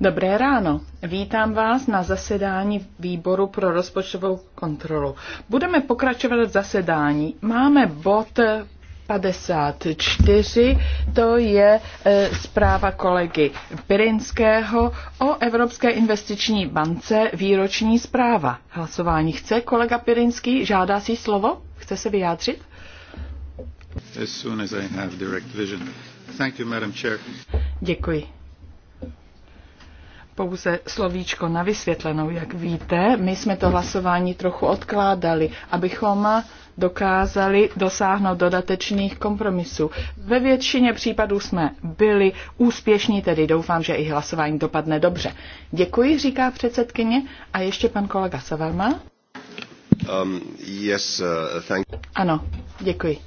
Dobré ráno. Vítám vás na zasedání výboru pro rozpočtovou kontrolu. Budeme pokračovat v zasedání. Máme bod 54, to je e, zpráva kolegy Pirinského o Evropské investiční bance výroční zpráva. Hlasování chce kolega Pirinský, žádá si slovo? Chce se vyjádřit? As soon as I have direct vision. Děkuji. Pouze slovíčko na vysvětlenou, jak víte, my jsme to hlasování trochu odkládali, abychom dokázali dosáhnout dodatečných kompromisů. Ve většině případů jsme byli úspěšní, tedy doufám, že i hlasování dopadne dobře. Děkuji, říká předsedkyně. A ještě pan kolega Savarma. Um, yes, uh, thank... Ano, děkuji.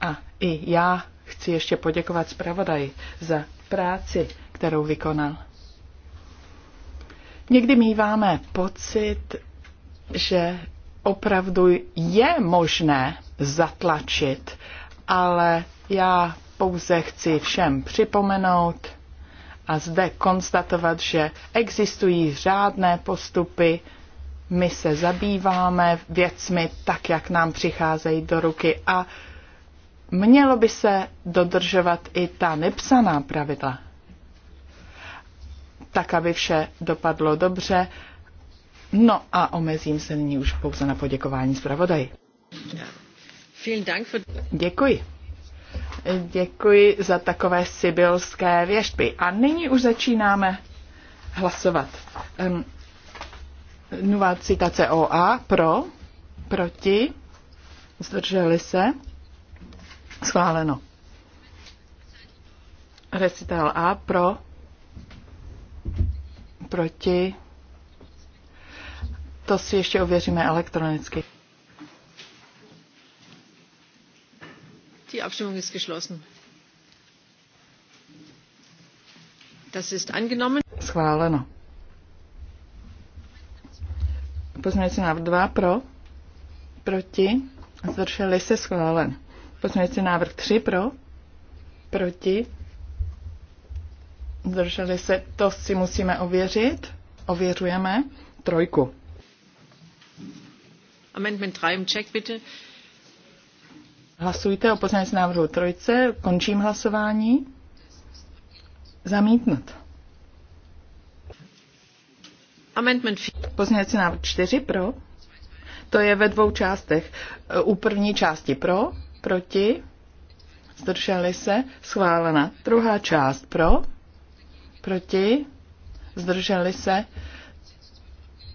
A i já Chci ještě poděkovat zpravodaji za práci, kterou vykonal. Někdy míváme pocit, že opravdu je možné zatlačit, ale já pouze chci všem připomenout a zde konstatovat, že existují řádné postupy, my se zabýváme věcmi tak, jak nám přicházejí do ruky a Mělo by se dodržovat i ta nepsaná pravidla, tak aby vše dopadlo dobře. No a omezím se nyní už pouze na poděkování zpravodaji. Děkuji. Děkuji za takové sibylské věštby. A nyní už začínáme hlasovat. Um, nová citace OA pro, proti, zdrželi se. Schváleno. Recital A pro, proti, to si ještě ověříme elektronicky. Die Abstimmung ist geschlossen. Das ist angenommen. Schváleno. Pozměňující návrh 2 pro, proti, zvršili se schválen. Pozměňující návrh 3 pro, proti, zdrželi se, to si musíme ověřit, ověřujeme, trojku. Amendment 3 im Check, bitte. Hlasujte o pozměňující návrhu trojce, končím hlasování. Zamítnut. Amendment 4. Pozměňující návrh 4 pro. To je ve dvou částech. U první části pro, proti, zdrželi se, schválena. Druhá část pro, proti, zdrželi se.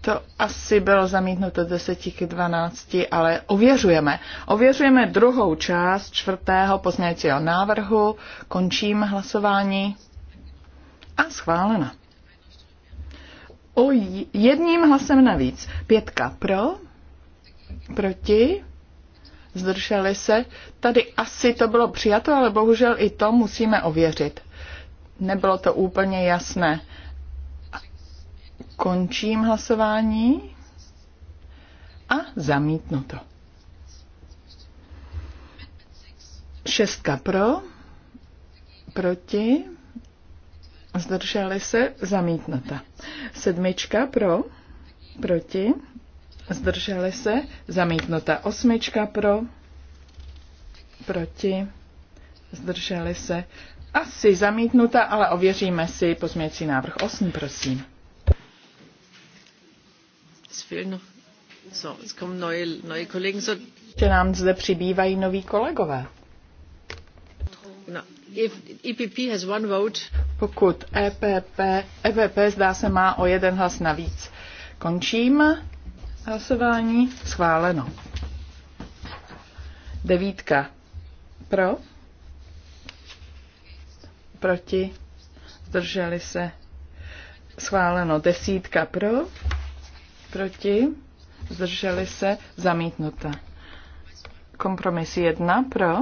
To asi bylo zamítnuto 10 k 12, ale ověřujeme. Ověřujeme druhou část čtvrtého pozměňovacího návrhu, končím hlasování a schválena. O jedním hlasem navíc. Pětka pro, proti, zdrželi se. Tady asi to bylo přijato, ale bohužel i to musíme ověřit. Nebylo to úplně jasné. Končím hlasování a zamítnu to. Šestka pro, proti, zdrželi se, zamítnuta. Sedmička pro, proti, zdrželi se, zamítnuta osmička pro, proti, zdrželi se, asi zamítnuta, ale ověříme si pozměnící návrh 8, prosím. Ještě nám zde přibývají noví kolegové. E Pokud EPP, EPP zdá se má o jeden hlas navíc. Končím Hlasování schváleno. Devítka. Pro? Proti? Zdrželi se? Schváleno. Desítka pro? Proti? Zdrželi se? Zamítnuta. Kompromis jedna pro?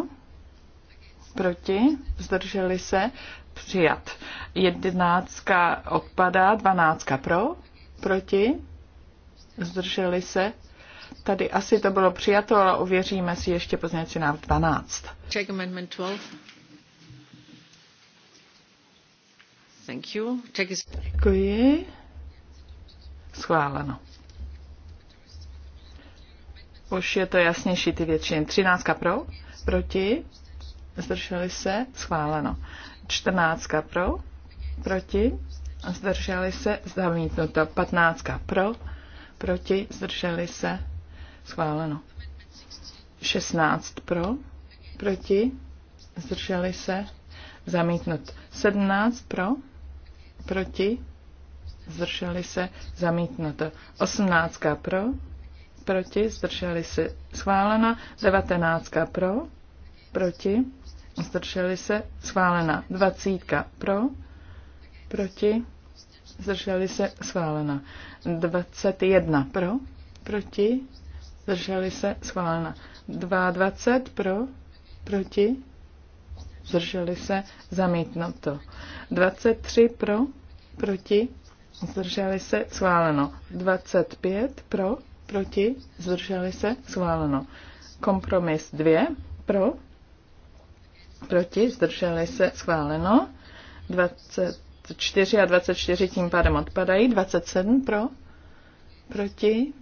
Proti? Zdrželi se? Přijat. Jedenáctka odpadá, dvanáctka pro? Proti? zdrželi se. Tady asi to bylo přijato, ale ověříme si ještě pozměňovací návrh 12. Check amendment 12. Thank you. Check is... Děkuji. Schváleno. Už je to jasnější ty většiny. 13 pro, proti, zdrželi se, schváleno. 14 pro, proti, zdrželi se, zamítnuto. 15 pro, proti, zdrželi se, schváleno. 16 pro, proti, zdrželi se, zamítnut. 17 pro, proti, zdrželi se, zamítnuto. 18 pro, proti, zdrželi se, schválena. 19 pro, proti, zdrželi se, schválena. 20 pro, proti, zdrželi se, schválena. 21 pro, proti, zdrželi se, schválena. 22 pro, proti, zdrželi se, zamítnuto. 23 pro, proti, zdrželi se, schváleno. 25 pro, proti, zdrželi se, schváleno. Kompromis 2 pro, proti, zdrželi se, schváleno. 20 24 a 24 tím pádem odpadají. 27 pro? Proti?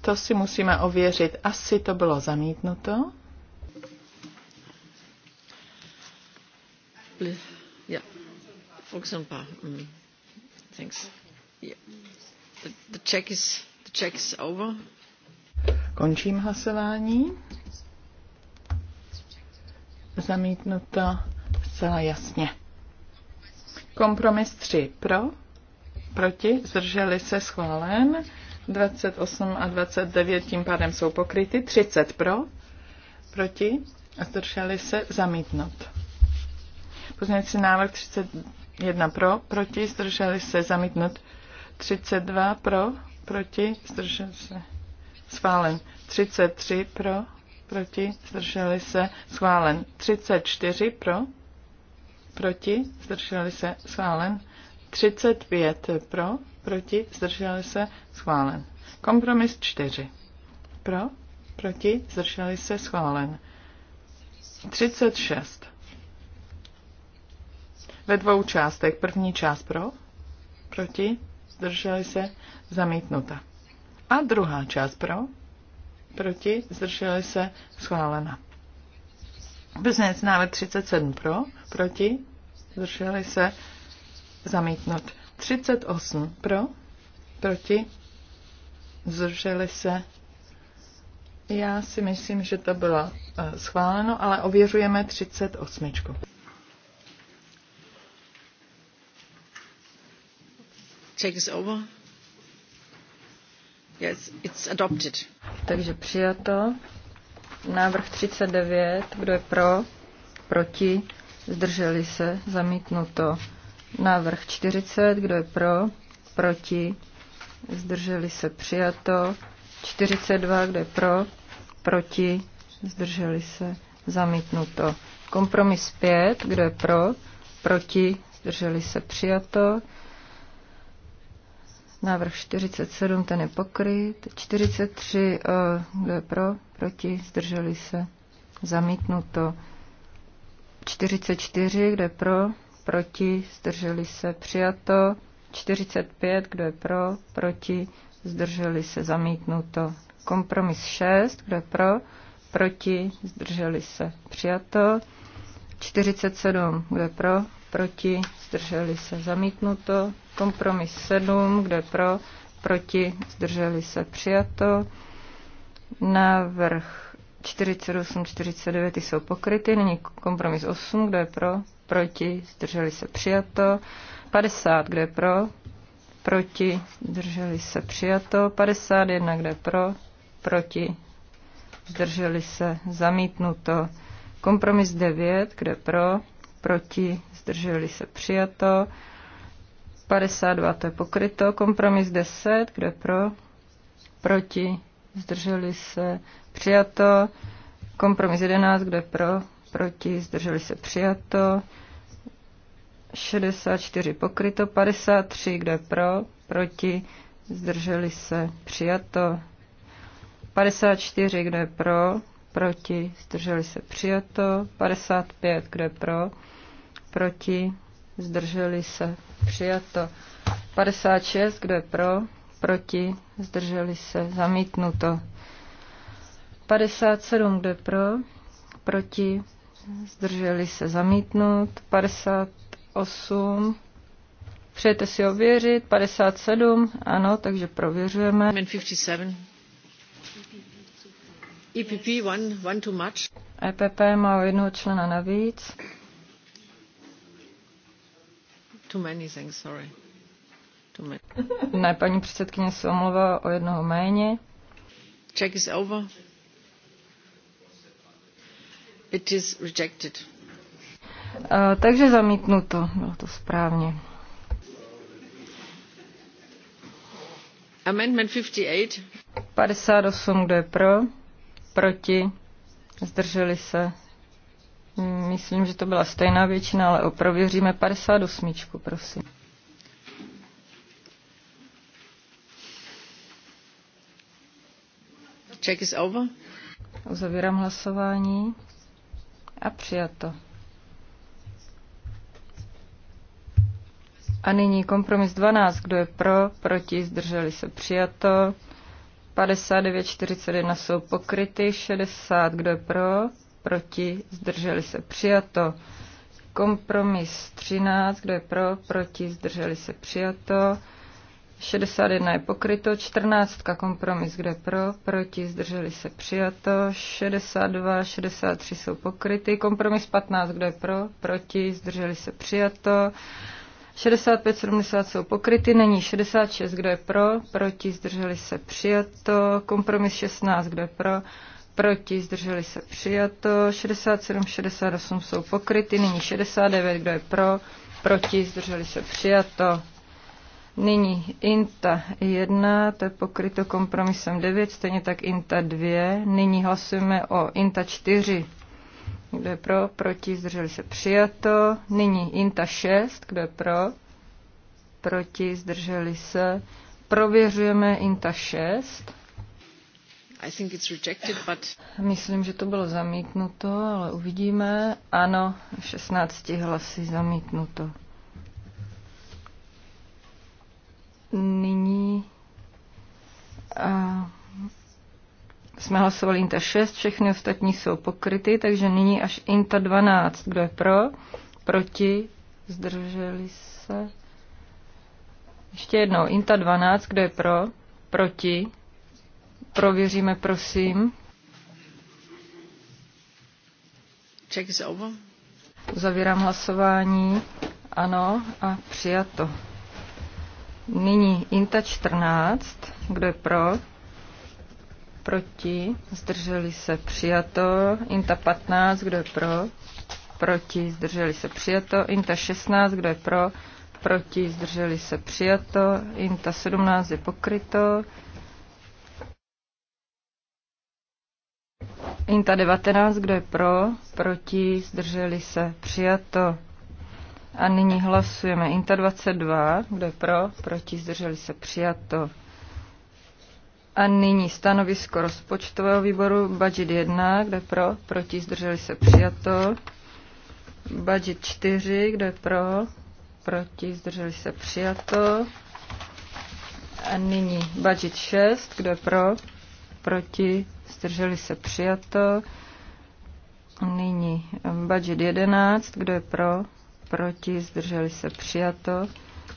To si musíme ověřit. Asi to bylo zamítnuto. Mm, thanks. The, check is, over. Končím hlasování. Zamítnuto zcela jasně. Kompromis 3 pro, proti, zdrželi se schválen. 28 a 29 tím pádem jsou pokryty. 30 pro, proti, a zdrželi se zamítnout. Pozměňující návrh 31 pro, proti, zdrželi se zamítnout. 32 pro, proti, zdrželi se schválen. 33 pro, proti, zdrželi se schválen. 34 pro, proti, zdrželi se, schválen. 35 pro, proti, zdrželi se, schválen. Kompromis 4. Pro, proti, zdrželi se, schválen. 36. Ve dvou částech. První část pro, proti, zdrželi se, zamítnuta. A druhá část pro, proti, zdrželi se, schválena. Poslanec návrh 37 pro, proti, zdrželi se, zamítnut. 38 pro, proti, zdrželi se. Já si myslím, že to bylo eh, schváleno, ale ověřujeme 38. Check is over. Yes, it's adopted. Takže přijato. Návrh 39, kdo je pro, proti, zdrželi se, zamítnuto. Návrh 40, kdo je pro, proti, zdrželi se, přijato. 42, kdo je pro, proti, zdrželi se, zamítnuto. Kompromis 5, kdo je pro, proti, zdrželi se, přijato. Návrh 47, ten je pokryt. 43, eh, kdo je pro, proti, zdrželi se, zamítnuto. 44, kdo je pro, proti, zdrželi se, přijato. 45, kdo je pro, proti, zdrželi se, zamítnuto. Kompromis 6, kdo je pro, proti, zdrželi se, přijato. 47, kdo je pro, proti, zdrželi se, zamítnuto. Kompromis 7, kdo je pro, proti, zdrželi se, přijato. Návrh 48, 49 jsou pokryty. Nyní kompromis 8, kdo je pro? Proti, zdrželi se přijato. 50, kdo je pro? Proti, zdrželi se přijato. 51, kdo je pro? Proti, zdrželi se zamítnuto. Kompromis 9, kde pro, proti, zdrželi se přijato. 52 to je pokryto. Kompromis 10, kde pro, proti, zdrželi se, přijato. Kompromis 11, kdo je pro, proti, zdrželi se, přijato. 64 pokryto, 53, kdo je pro, proti, zdrželi se, přijato. 54, kdo je pro, proti, zdrželi se, přijato. 55, kdo je pro, proti, zdrželi se, přijato. 56, kdo je pro, proti, zdrželi se, zamítnuto. 57, je pro, proti, zdrželi se, zamítnut. 58, přejete si ověřit, 57, ano, takže prověřujeme. 57. EPP, one, one too much. EPP má o jednoho člena navíc. Too many things, sorry. Ne, paní předsedkyně se omlouvá o jednoho méně. Check is over. It is rejected. Uh, takže zamítnuto, bylo to správně. Amendment 58. 58, kdo je pro? Proti? Zdrželi se? Myslím, že to byla stejná většina, ale oprověříme 58, prosím. Check is over. Uzavírám hlasování a přijato. A nyní kompromis 12. Kdo je pro, proti, zdrželi se přijato. 59, 41 jsou pokryty. 60. Kdo je pro, proti, zdrželi se přijato. Kompromis 13. Kdo je pro, proti, zdrželi se přijato. 61 je pokryto, 14 kompromis, kde pro, proti, zdrželi se přijato, 62, 63 jsou pokryty, kompromis 15, kde pro, proti, zdrželi se přijato, 65, 70 jsou pokryty, není 66, kde pro, proti, zdrželi se přijato, kompromis 16, kde pro, proti, zdrželi se přijato, 67, 68 jsou pokryty, není 69, kde je pro, proti, zdrželi se přijato. Nyní INTA 1, to je pokryto kompromisem 9, stejně tak INTA 2. Nyní hlasujeme o INTA 4. Kdo je pro? Proti? Zdrželi se přijato. Nyní INTA 6. Kdo je pro? Proti? Zdrželi se. Prověřujeme INTA 6. I think it's rejected, but... Myslím, že to bylo zamítnuto, ale uvidíme. Ano, 16 hlasy zamítnuto. Nyní uh, jsme hlasovali INTA 6, všechny ostatní jsou pokryty, takže nyní až INTA 12. Kdo je pro? Proti? Zdrželi se? Ještě jednou. INTA 12. Kdo je pro? Proti? Prověříme, prosím. Check is over. Zavírám hlasování. Ano a přijato. Nyní INTA 14. Kdo je pro? Proti? Zdrželi se přijato. INTA 15. Kdo je pro? Proti? Zdrželi se přijato. INTA 16. Kdo je pro? Proti? Zdrželi se přijato. INTA 17 je pokryto. INTA 19. Kdo je pro? Proti? Zdrželi se přijato. A nyní hlasujeme INTA 22, kde pro, proti, zdrželi se přijato. A nyní stanovisko rozpočtového výboru budget 1, kde pro, proti, zdrželi se přijato. Budget 4, kde pro, proti, zdrželi se přijato. A nyní budget 6, kde pro, proti, zdrželi se přijato. Nyní budget 11, kdo je pro, proti, zdrželi se přijato.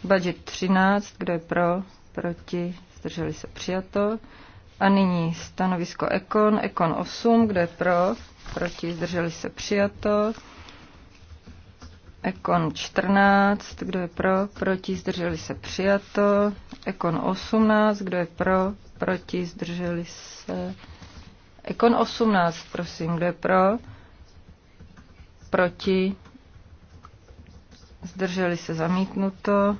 Budget 13, kdo je pro, proti, zdrželi se přijato. A nyní stanovisko Ekon, Ekon 8, kdo je pro, proti, zdrželi se přijato. Ekon 14, kdo je pro, proti, zdrželi se přijato. Ekon 18, kdo je pro, proti, zdrželi se. Ekon 18, prosím, kdo je pro, proti, zdrželi se zamítnuto.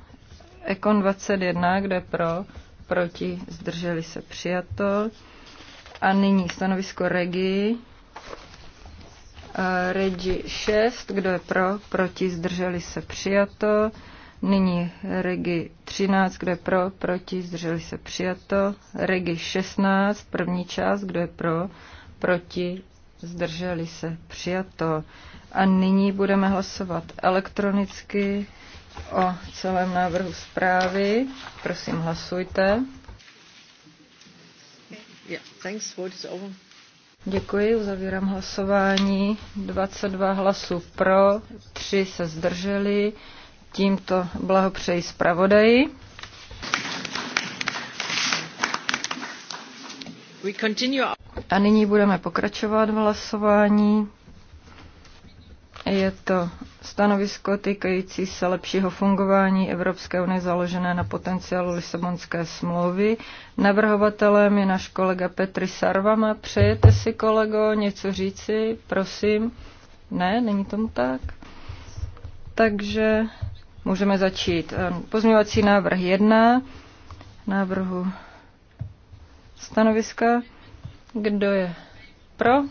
Ekon 21, kde pro, proti, zdrželi se přijato. A nyní stanovisko Regi. Regi 6, kdo je pro, proti, zdrželi se přijato. Nyní Regi 13, kdo je pro, proti, zdrželi se přijato. Regi 16, první část, kdo je pro, proti, zdrželi se, přijato. A nyní budeme hlasovat elektronicky o celém návrhu zprávy. Prosím, hlasujte. Děkuji, uzavírám hlasování. 22 hlasů pro, 3 se zdrželi. Tímto blahopřeji zpravodaji. A nyní budeme pokračovat v hlasování. Je to stanovisko týkající se lepšího fungování Evropské unie založené na potenciálu Lisabonské smlouvy. Navrhovatelem je náš kolega Petri Sarvama. Přejete si, kolego, něco říci? Prosím. Ne, není tomu tak. Takže můžeme začít. Ehm, pozměňovací návrh 1 návrhu stanoviska. Kdo je pro?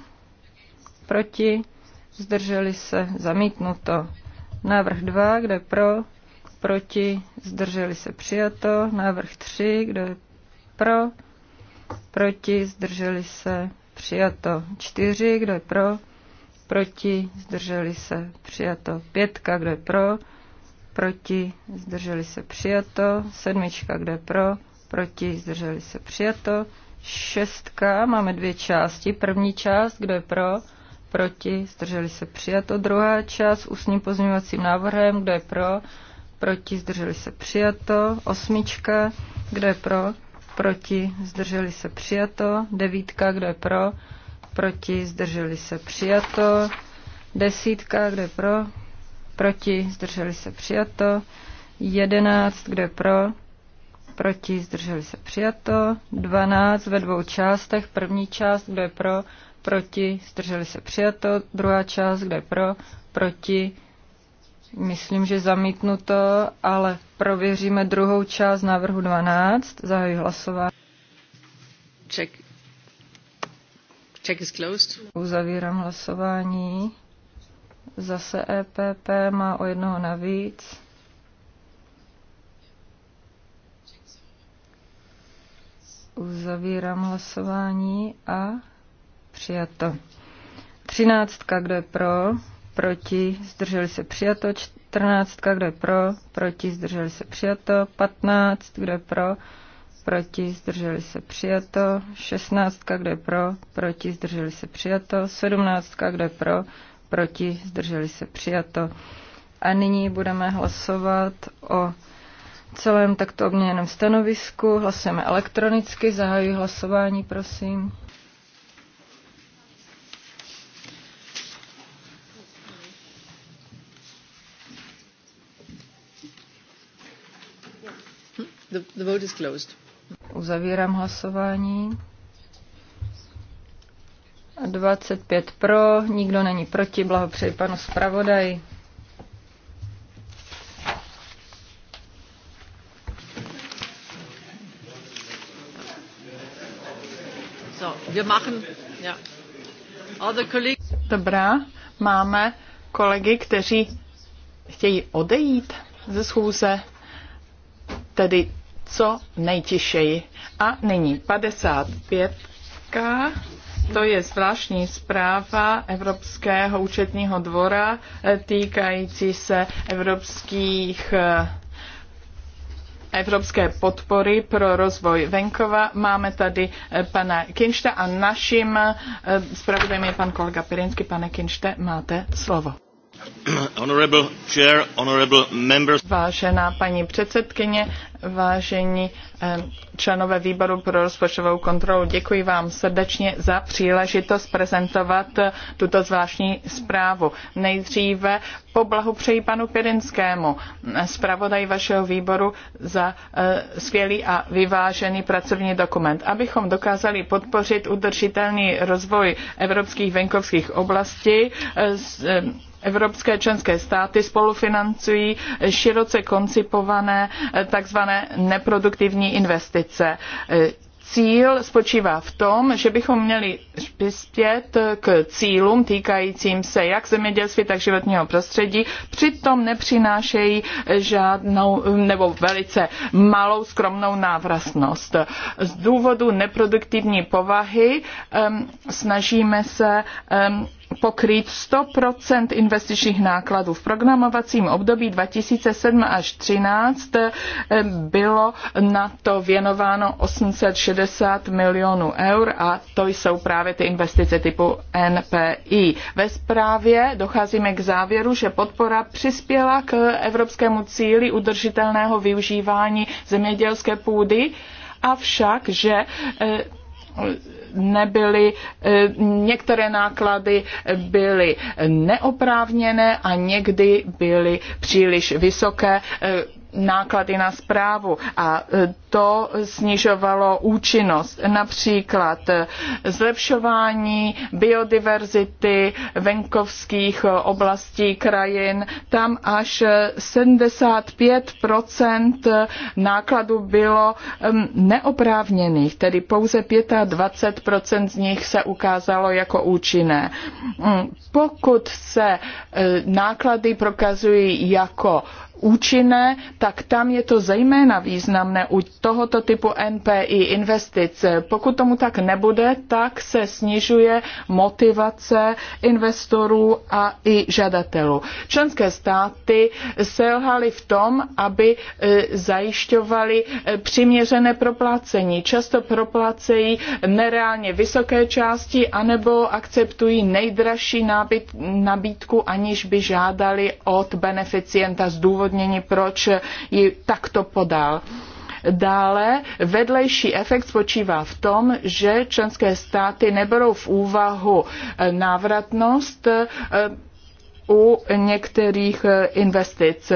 Proti? Zdrželi se? Zamítnuto. Návrh 2. Kdo je pro? Proti? Zdrželi se? Přijato. Návrh 3. Kdo je pro? Proti? Zdrželi se? Přijato. 4. Kdo je pro? Proti? Zdrželi se? Přijato. 5. Kdo je pro? Proti? Zdrželi se? Přijato. Sedmička. Kdo je pro? proti, zdrželi se přijato. Šestka, máme dvě části. První část, kdo je pro, proti, zdrželi se přijato. Druhá část, ústním pozměňovacím návrhem, kdo je pro, proti, zdrželi se přijato. Osmička, kdo je pro, proti, zdrželi se přijato. Devítka, kdo je pro, proti, zdrželi se přijato. Desítka, kdo je pro, proti, zdrželi se přijato. Jedenáct, kdo je pro, proti, zdrželi se přijato. 12 ve dvou částech, první část, kdo je pro, proti, zdrželi se přijato. Druhá část, kdo je pro, proti, myslím, že zamítnuto, ale prověříme druhou část návrhu 12, zahajuji hlasování. Check. Check is closed. Uzavírám hlasování. Zase EPP má o jednoho navíc. Uzavírám hlasování a přijato. Třináctka, kdo je pro, proti, zdrželi se přijato. Čtrnáctka, kdo je pro, proti, zdrželi se přijato. Patnáct, kdo je pro, proti, zdrželi se přijato. Šestnáctka, kdo je pro, proti, zdrželi se přijato. Sedmnáctka, kdo je pro, proti, zdrželi se přijato. A nyní budeme hlasovat o celém takto obměněném stanovisku. Hlasujeme elektronicky. Zahajuji hlasování, prosím. The, the vote is closed. Uzavírám hlasování. 25 pro, nikdo není proti, blahopřeji panu zpravodaji. Dobrá, máme kolegy, kteří chtějí odejít ze schůze, tedy co nejtišeji. A nyní 55. To je zvláštní zpráva Evropského účetního dvora e, týkající se evropských e, evropské podpory pro rozvoj venkova. Máme tady eh, pana Kinšta a naším eh, zpravodajem je pan kolega Pirinsky. Pane Kinšte, máte slovo. Vážená paní předsedkyně, vážení eh, členové výboru pro rozpočtovou kontrolu, děkuji vám srdečně za příležitost prezentovat eh, tuto zvláštní zprávu. Nejdříve poblahopřeji panu Pirinskému, eh, zpravodaj vašeho výboru, za skvělý a vyvážený pracovní dokument. Abychom dokázali podpořit udržitelný rozvoj evropských venkovských oblastí, evropské členské státy spolufinancují široce koncipované eh, takzvané neproduktivní investice eh, cíl spočívá v tom, že bychom měli přispět k cílům týkajícím se jak zemědělství, tak životního prostředí. Přitom nepřinášejí žádnou nebo velice malou skromnou návratnost. Z důvodu neproduktivní povahy um, snažíme se um, pokrýt 100% investičních nákladů. V programovacím období 2007 až 2013 eh, bylo na to věnováno 860 milionů eur a to jsou právě ty investice typu NPI. Ve zprávě docházíme k závěru, že podpora přispěla k evropskému cíli udržitelného využívání zemědělské půdy, avšak, že eh, nebyly, eh, některé náklady byly neoprávněné a někdy byly příliš vysoké eh, náklady na zprávu a e, to snižovalo účinnost. Například e, zlepšování biodiverzity venkovských e, oblastí krajin, tam až 75 nákladů bylo neoprávněných, tedy pouze 25 z nich se ukázalo jako účinné. Mm, pokud se náklady prokazují jako účinné, tak tam je to zejména významné u tohoto typu NPI investic. Pokud tomu tak nebude, tak se snižuje motivace investorů a i žadatelů. Členské státy selhaly v tom, aby e, zajišťovali e, přiměřené proplácení. Často proplácejí nereálně vysoké části anebo akceptují nejdražší nabídku, aniž by žádali od beneficienta z důvodu odůvodnění, proč ji takto podal. Dále vedlejší efekt spočívá v tom, že členské státy neberou v úvahu návratnost eh, u některých eh, investic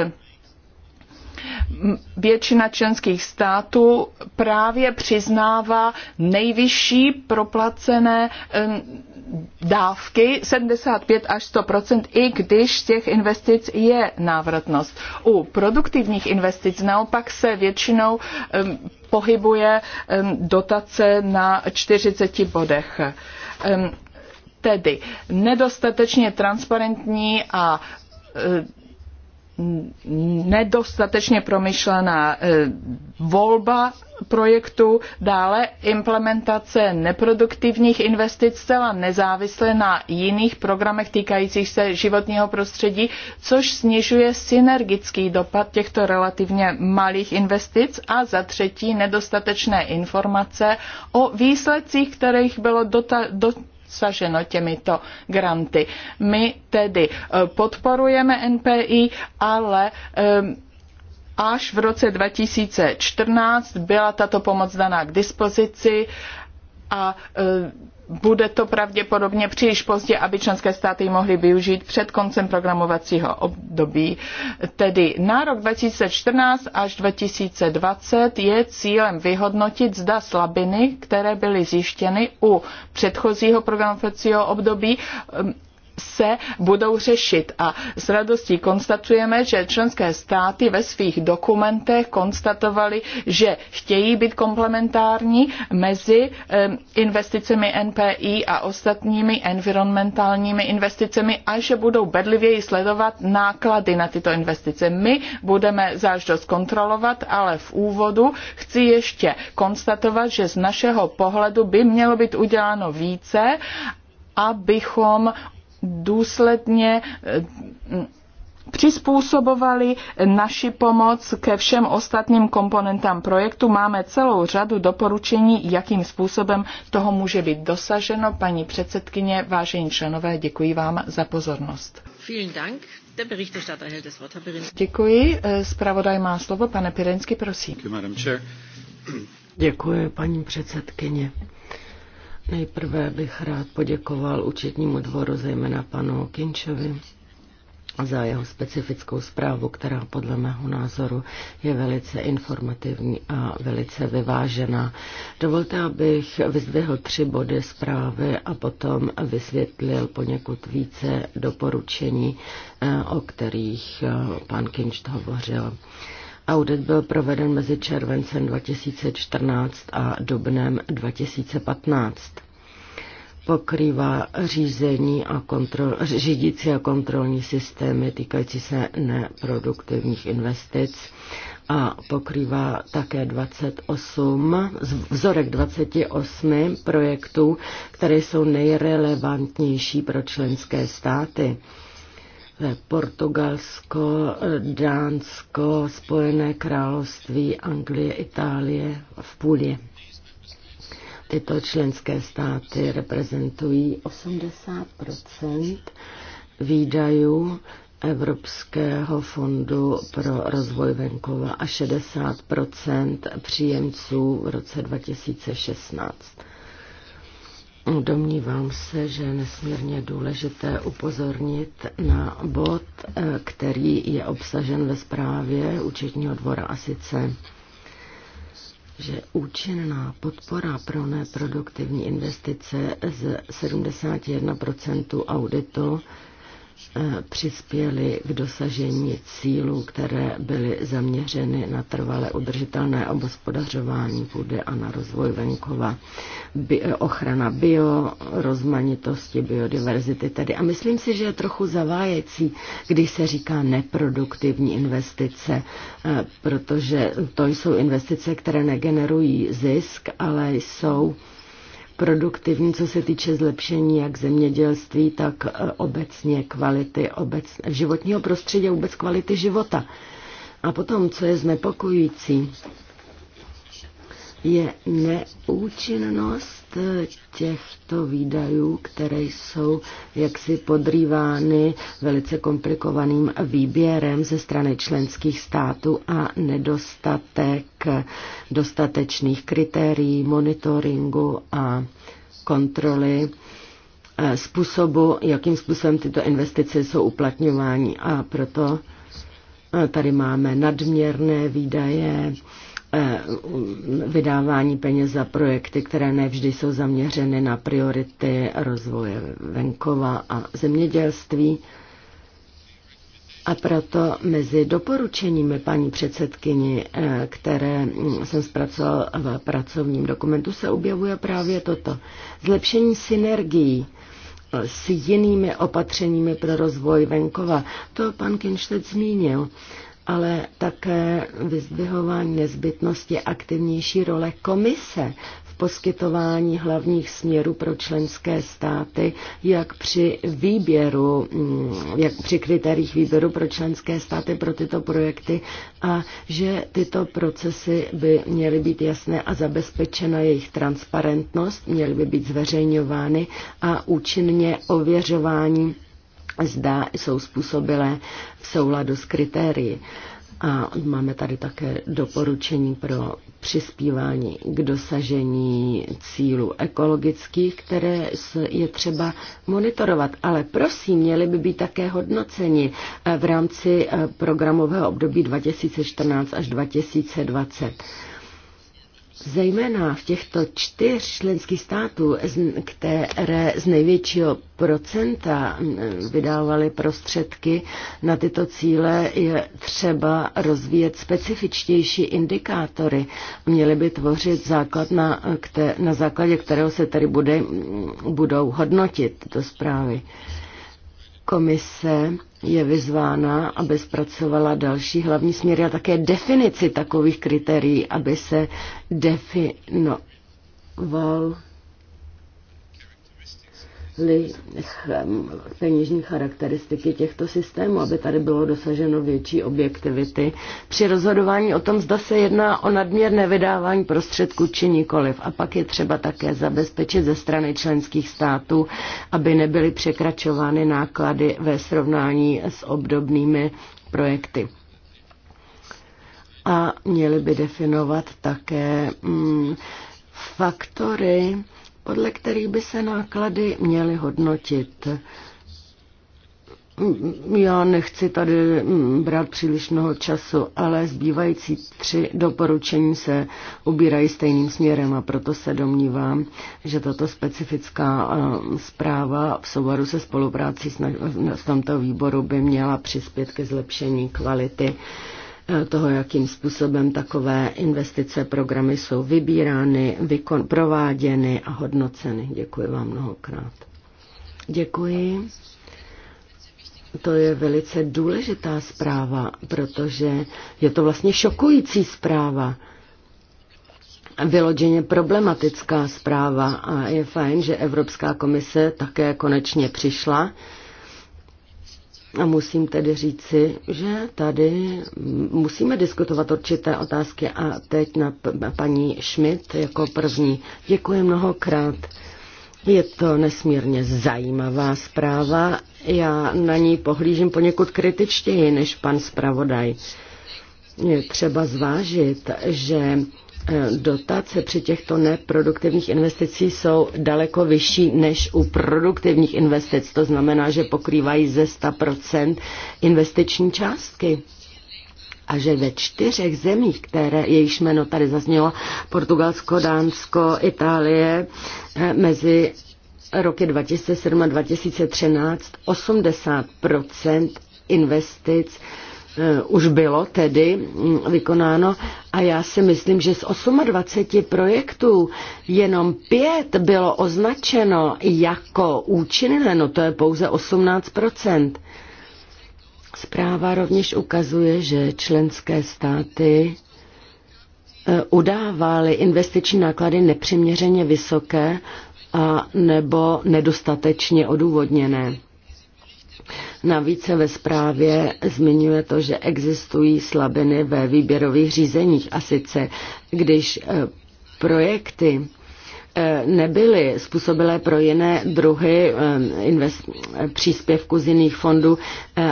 většina členských států právě přiznává nejvyšší proplacené eh, dávky 75 až 100 i když těch investic je návratnost. U produktivních investic naopak se většinou pohybuje dotace na 40 bodech tedy nedostatečně transparentní a e, nedostatečně promyšlená e, volba projektu, dále implementace neproduktivních investic zcela nezávisle na jiných programech týkajících se životního prostředí, což snižuje synergický dopad těchto relativně malých investic a za třetí nedostatečné informace o výsledcích, kterých bylo dota- do- obsaženo těmito granty. My tedy eh, podporujeme NPI, ale ehm, až v roce 2014 byla tato pomoc daná k dispozici a eh, bude to pravděpodobně příliš pozdě, aby členské státy mohly využít před koncem programovacího období. Tedy na rok 2014 až 2020 je cílem vyhodnotit, zda slabiny, které byly zjištěny u předchozího programovacího období, se budou řešit. A s radostí konstatujeme, že členské státy ve svých dokumentech konstatovali, že chtějí být komplementární mezi investicemi NPI a ostatními environmentálními investicemi a že budou bedlivěji sledovat náklady na tyto investice. My budeme záždost kontrolovat, ale v úvodu chci ještě konstatovat, že z našeho pohledu by mělo být uděláno více abychom důsledně eh, přizpůsobovali naši pomoc ke všem ostatním komponentám projektu. Máme celou řadu doporučení, jakým způsobem toho může být dosaženo. Paní předsedkyně, vážení členové, děkuji vám za pozornost. Děkuji. Eh, zpravodaj má slovo. Pane Pirensky, prosím. Děkuji, paní předsedkyně. Nejprve bych rád poděkoval účetnímu dvoru, zejména panu Kinčovi, za jeho specifickou zprávu, která podle mého názoru je velice informativní a velice vyvážená. Dovolte, abych vyzdvihl tři body zprávy a potom vysvětlil poněkud více doporučení, eh, o kterých eh, pan Kinč hovořil. Audit byl proveden mezi červencem 2014 a dubnem 2015 pokrývá řízení a kontrol, řídící a kontrolní systémy týkající se neproduktivních investic a pokrývá také 28, vzorek 28 projektů, které jsou nejrelevantnější pro členské státy. Portugalsko, Dánsko, Spojené království, Anglie, Itálie v půli. Tyto členské státy reprezentují 80 výdajů Evropského fondu pro rozvoj venkova a 60 příjemců v roce 2016. Domnívám se, že je nesmírně důležité upozornit na bod, eh, který je obsažen ve zprávě účetního dvora a sice že účinná podpora pro neproduktivní investice z 71% auditu Eh, přispěly k dosažení cílů, které byly zaměřeny na trvalé udržitelné obospodařování půdy a na rozvoj venkova, Bi- eh, ochrana bio, rozmanitosti, biodiverzity tedy. A myslím si, že je trochu zavájecí, když se říká neproduktivní investice, eh, protože to jsou investice, které negenerují zisk, ale jsou produktivní, co se týče zlepšení jak zemědělství, tak e, obecně kvality obecně životního prostředí a vůbec kvality života. A potom, co je znepokojující, je neúčinnost eh, těchto výdajů, které jsou jaksi podrývány velice komplikovaným výběrem ze strany členských států a nedostatek dostatečných kritérií, monitoringu a kontroly eh, způsobu, jakým způsobem tyto investice jsou uplatňovány. A proto eh, tady máme nadměrné výdaje, Eh, vydávání peněz za projekty, které nevždy jsou zaměřeny na priority rozvoje venkova a zemědělství. A proto mezi doporučeními paní předsedkyni, eh, které jsem zpracoval v pracovním dokumentu, se objevuje právě toto. Zlepšení synergií eh, s jinými opatřeními pro rozvoj venkova. To pan Kinštec zmínil ale také vyzdvihování nezbytnosti aktivnější role komise v poskytování hlavních směrů pro členské státy, jak při výběru, mm, jak při kritériích výběru pro členské státy pro tyto projekty a že tyto procesy by měly být jasné a zabezpečena jejich transparentnost, měly by být zveřejňovány a účinně ověřování zda jsou způsobilé v souladu s kritérii. A máme tady také doporučení pro přispívání k dosažení cílů ekologických, které je třeba monitorovat. Ale prosím, měly by být také hodnoceni eh, v rámci eh, programového období 2014 až 2020 zejména v těchto čtyř členských států, které z největšího procenta mm, vydávaly prostředky na tyto cíle, je třeba rozvíjet specifičtější indikátory. Měly by tvořit základ, na, na základě kterého se tady bude, mm, budou hodnotit tyto zprávy. Komise je vyzvána, aby zpracovala další hlavní směry a také definici takových kritérií, aby se definoval peněžní charakteristiky těchto systémů, aby tady bylo dosaženo větší objektivity při rozhodování o tom, zda se jedná o nadměrné vydávání prostředků či nikoliv. A pak je třeba také zabezpečit ze strany členských států, aby nebyly překračovány náklady ve srovnání s obdobnými projekty a měli by definovat také mm, faktory, podle kterých by se náklady měly hodnotit. Já nechci tady brát příliš mnoho času, ale zbývající tři doporučení se ubírají stejným směrem a proto se domnívám, že tato specifická eh, zpráva v souboru se spoluprácí s, tomto výboru by měla přispět ke zlepšení kvality Eh, toho, jakým způsobem takové investice, programy jsou vybírány, vykon, prováděny a hodnoceny. Děkuji vám mnohokrát. Děkuji. To je velice důležitá zpráva, protože je to vlastně šokující zpráva vyloženě problematická zpráva a je fajn, že Evropská komise také konečně přišla a musím tedy říci, že tady musíme diskutovat určité otázky a teď na paní Schmidt jako první. Děkuji mnohokrát. Je to nesmírně zajímavá zpráva. Já na ní pohlížím poněkud kritičtěji než pan zpravodaj. Je třeba zvážit, že Eh, dotace při těchto neproduktivních investicích jsou daleko vyšší než u produktivních investic. To znamená, že pokrývají ze 100% investiční částky. A že ve čtyřech zemích, které jejichž jméno tady zaznělo, Portugalsko, Dánsko, Itálie, eh, mezi roky 2007 a 2013 80 investic Eh, už bylo tedy mm, vykonáno a já si myslím, že z 28 projektů jenom pět bylo označeno jako účinné, no to je pouze 18 Zpráva rovněž ukazuje, že členské státy eh, udávaly investiční náklady nepřiměřeně vysoké a nebo nedostatečně odůvodněné. Navíc se ve zprávě zmiňuje to, že existují slabiny ve výběrových řízeních a sice když eh, projekty eh, nebyly způsobilé pro jiné druhy eh, invest, příspěvku z jiných fondů,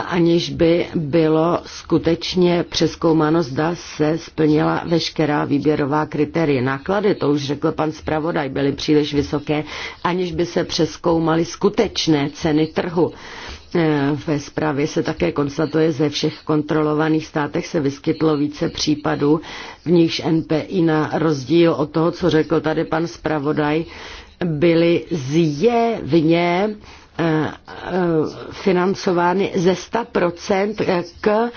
aniž by bylo skutečně přeskoumáno, zda se splnila veškerá výběrová kritérie. Náklady, to už řekl pan zpravodaj, byly příliš vysoké, aniž by se přeskoumaly skutečné ceny trhu. Eh, ve zprávě se také konstatuje, že ze všech kontrolovaných státech se vyskytlo více případů, v nichž NPI na rozdíl od toho, co řekl tady pan zpravodaj, byly zjevně Eh, eh, financovány ze 100% k,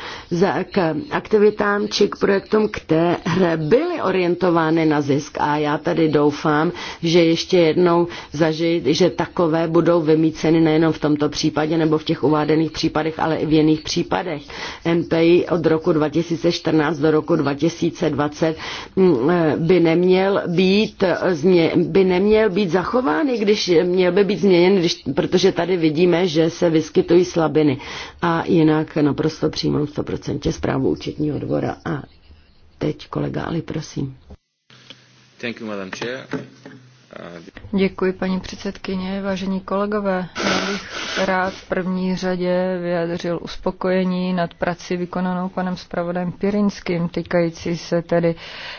k aktivitám či k projektům, které byly orientovány na zisk. A já tady doufám, že ještě jednou zažiji, že takové budou vymíceny nejenom v tomto případě nebo v těch uváděných případech, ale i v jiných případech. NPI od roku 2014 do roku 2020 mm, eh, by neměl být, by neměl být zachovány, když měl by být změněn, když, protože takže tady vidíme, že se vyskytují slabiny. A jinak naprosto přijímám 100% zprávu účetního dvora. A teď kolega Ali, prosím. Thank you, Madam Chair. Děkuji, paní předsedkyně. Vážení kolegové, já bych rád v první řadě vyjadřil uspokojení nad prací vykonanou panem zpravodajem Pirinským, týkající se tedy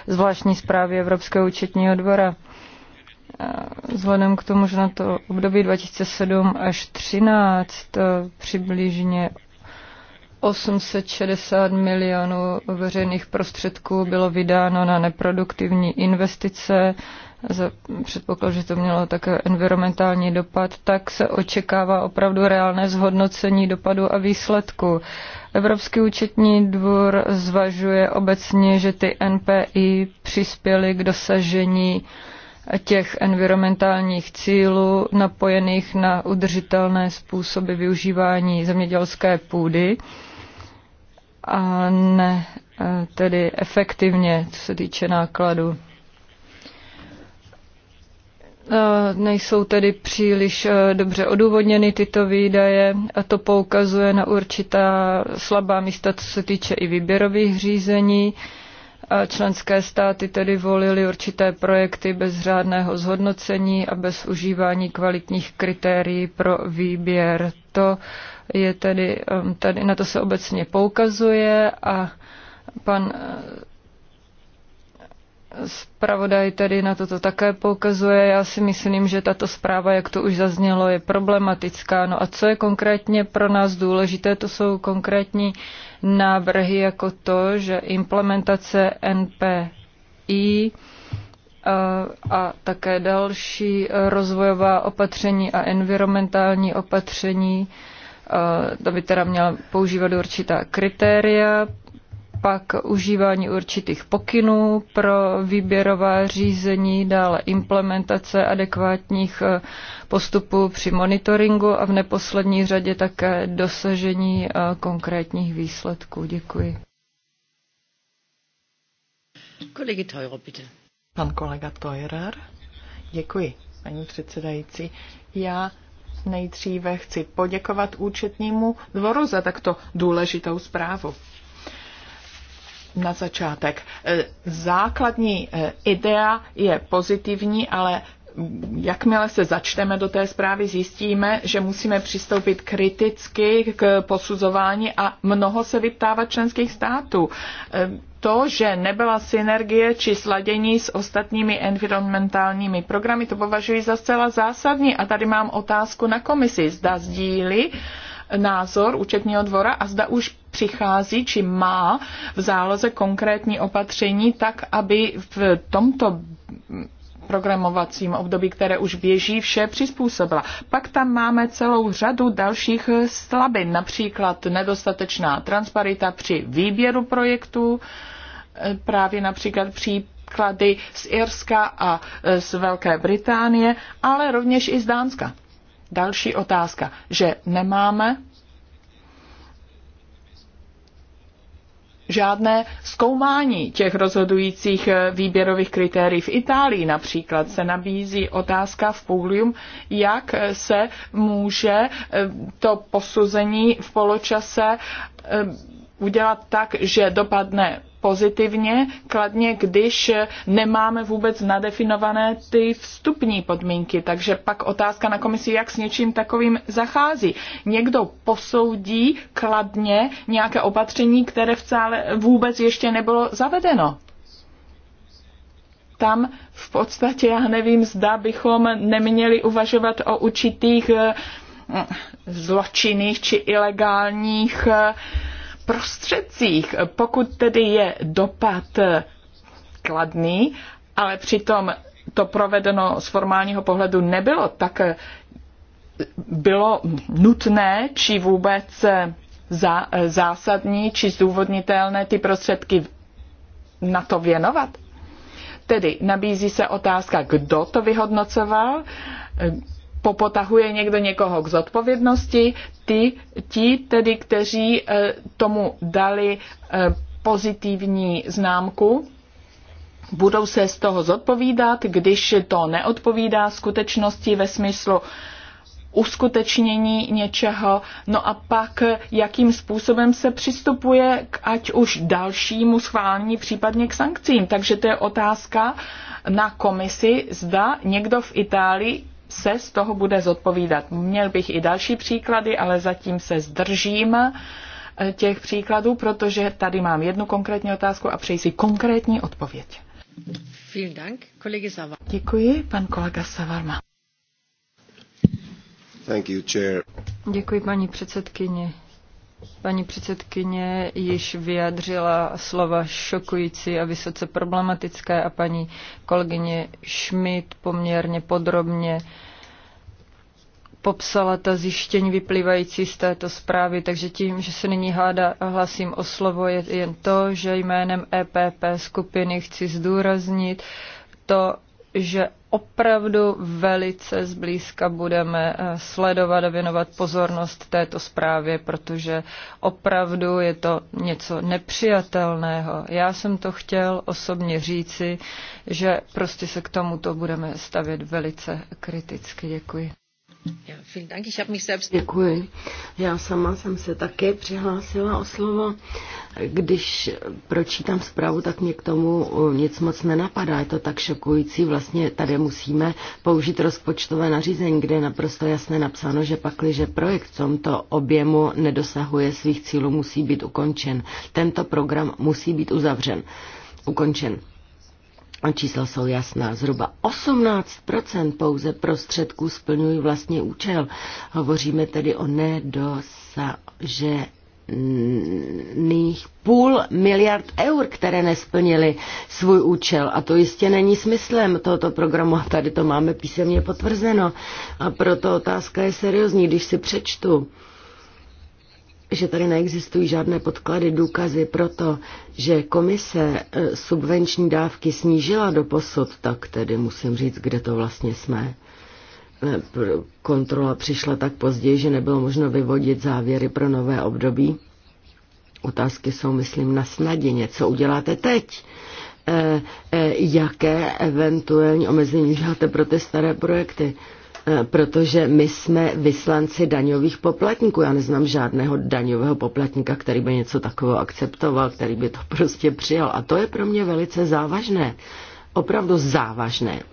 zvláštní zprávy Evropského účetního dvora. Eh, vzhledem k tomu, že na to období 2007 až 2013 eh, přibližně 860 milionů veřejných prostředků bylo vydáno na neproduktivní investice, za předpoklad, že to mělo také environmentální dopad, tak se očekává opravdu reálné zhodnocení dopadu a výsledku. Evropský účetní dvůr zvažuje obecně, že ty NPI přispěly k dosažení uh, těch environmentálních cílů napojených na udržitelné způsoby využívání zemědělské půdy a ne eh, tedy efektivně, co se týče nákladu. Eh, nejsou tedy příliš eh, dobře odůvodněny tyto výdaje a to poukazuje na určitá slabá místa, co se týče i výběrových řízení Členské státy tedy volily určité projekty bez řádného zhodnocení a bez užívání kvalitních kritérií pro výběr. To je tedy, um, tady na to se obecně poukazuje a pan Spravodaj tedy na toto také poukazuje. Já si myslím, že tato zpráva, jak to už zaznělo, je problematická. No a co je konkrétně pro nás důležité, to jsou konkrétní návrhy jako to, že implementace NPI eh, a také další rozvojová opatření a environmentální opatření, eh, to by teda měla používat určitá kritéria pak užívání určitých pokynů pro výběrová řízení, dále implementace adekvátních eh, postupů při monitoringu a v neposlední řadě také dosažení eh, konkrétních výsledků. Děkuji. Kolegy Teuro, bitte. Pan kolega Teurer. Děkuji, paní předsedající. Já nejdříve chci poděkovat účetnímu dvoru za takto důležitou zprávu na začátek. E, základní e, idea je pozitivní, ale jakmile se začteme do té zprávy, zjistíme, že musíme přistoupit kriticky k posuzování a mnoho se vyptávat členských států. E, to, že nebyla synergie či sladění s ostatními environmentálními programy, to považuji za zcela zásadní. A tady mám otázku na komisi. Zda sdílí názor účetního dvora a zda už přichází či má v záloze konkrétní opatření, tak aby v tomto programovacím období, které už běží, vše přizpůsobila. Pak tam máme celou řadu dalších slabin, například nedostatečná transparita při výběru projektů, právě například při příklady z Irska a z Velké Británie, ale rovněž i z Dánska. Další otázka, že nemáme žádné zkoumání těch rozhodujících eh, výběrových kritérií. V Itálii například se nabízí otázka v Puglium, jak eh, se může eh, to posuzení v poločase udělat tak, že dopadne pozitivně, kladně, když nemáme vůbec nadefinované ty vstupní podmínky. Takže pak otázka na komisi, jak s něčím takovým zachází. Někdo posoudí kladně nějaké opatření, které v celé vůbec ještě nebylo zavedeno. Tam v podstatě já nevím, zda bychom neměli uvažovat o určitých eh, zločinných či ilegálních uh, prostředcích, pokud tedy je dopad kladný, ale přitom to provedeno z formálního pohledu nebylo, tak bylo nutné či vůbec zásadní či zdůvodnitelné ty prostředky na to věnovat. Tedy nabízí se otázka, kdo to vyhodnocoval, popotahuje někdo někoho k zodpovědnosti, ty, ti tedy, kteří eh, tomu dali eh, pozitivní známku, budou se z toho zodpovídat, když to neodpovídá skutečnosti ve smyslu uskutečnění něčeho, no a pak jakým způsobem se přistupuje k ať už dalšímu schválení, případně k sankcím. Takže to je otázka na komisi, zda někdo v Itálii se z toho bude zodpovídat. Měl bych i další příklady, ale zatím se zdržím eh, těch příkladů, protože tady mám jednu konkrétní otázku a přeji si konkrétní odpověď. Děkuji, pan kolega Savarma. Děkuji, paní předsedkyně. Paní předsedkyně již vyjadřila slova šokující a vysoce problematické a paní kolegyně Schmidt poměrně podrobně popsala ta zjištění vyplývající z této zprávy, takže tím, že se nyní háda, hlasím o slovo, je jen to, že jménem EPP skupiny chci zdůraznit to, že opravdu velice zblízka budeme eh, sledovat a věnovat pozornost této zprávě, protože opravdu je to něco nepřijatelného. Já jsem to chtěl osobně říci, že prostě se k tomuto budeme stavět velice kriticky. Děkuji. Děkuji. Já sama jsem se také přihlásila o slovo. Když pročítám zprávu, tak mě k tomu nic moc nenapadá. Je to tak šokující. Vlastně tady musíme použít rozpočtové nařízení, kde je naprosto jasně napsáno, že pakliže projekt v tomto objemu nedosahuje svých cílů, musí být ukončen. Tento program musí být uzavřen, ukončen. Čísla jsou jasná. Zhruba 18% pouze prostředků splňují vlastně účel. Hovoříme tedy o nedosažených půl miliard eur, které nesplnili svůj účel. A to jistě není smyslem tohoto programu. A tady to máme písemně potvrzeno. A proto otázka je seriózní. Když si přečtu že tady neexistují žádné podklady, důkazy pro to, že komise eh, subvenční dávky snížila do posud, tak tedy musím říct, kde to vlastně jsme. Eh, kontrola přišla tak později, že nebylo možno vyvodit závěry pro nové období. Otázky jsou, myslím, na snadě. Co uděláte teď? Eh, jaké eventuální omezení uděláte pro ty staré projekty? Eh, protože my jsme vyslanci daňových poplatníků. Já neznám žádného daňového poplatníka, který by něco takového akceptoval, který by to prostě přijal. A to je pro mě velice závažné. Opravdu závažné.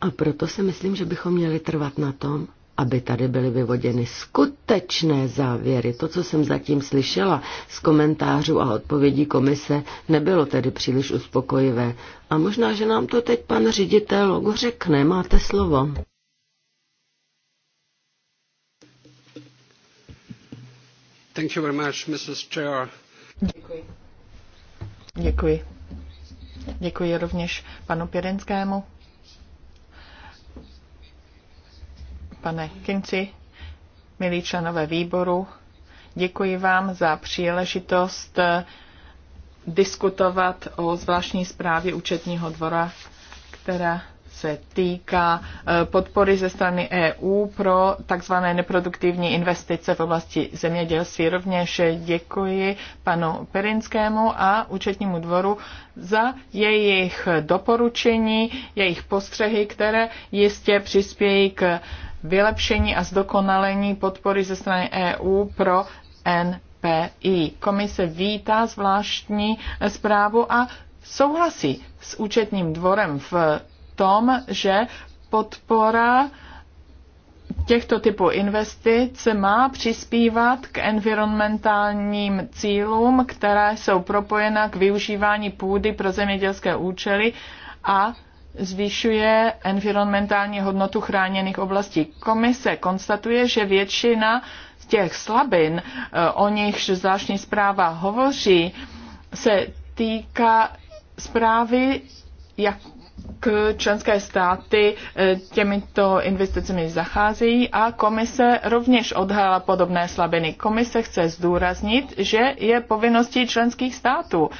A proto si myslím, že bychom měli trvat na tom, aby tady byly vyvoděny skutečné závěry. To, co jsem zatím slyšela z komentářů a odpovědí komise, nebylo tedy příliš uspokojivé. A možná, že nám to teď pan ředitel Logo řekne. Máte slovo. Thank you very much, Mrs. Chair. Děkuji. Děkuji. Děkuji rovněž panu Pědenskému pane Kinci, milí členové výboru, děkuji vám za příležitost eh, diskutovat o zvláštní zprávě účetního dvora, která se týká eh, podpory ze strany EU pro tzv. neproduktivní investice v oblasti zemědělství. Rovněž děkuji panu Perinskému a účetnímu dvoru za jejich doporučení, jejich postřehy, které jistě přispějí k vylepšení a zdokonalení podpory ze strany EU pro NPI. Komise vítá zvláštní zprávu a souhlasí s účetním dvorem v tom, že podpora těchto typů investic má přispívat k environmentálním cílům, které jsou propojena k využívání půdy pro zemědělské účely a zvýšuje environmentální hodnotu chráněných oblastí. Komise konstatuje, že většina z těch slabin, eh, o nichž zvláštní zpráva hovoří, se týká zprávy, jak k členské státy eh, těmito investicemi zacházejí a komise rovněž odhalila podobné slabiny. Komise chce zdůraznit, že je povinností členských států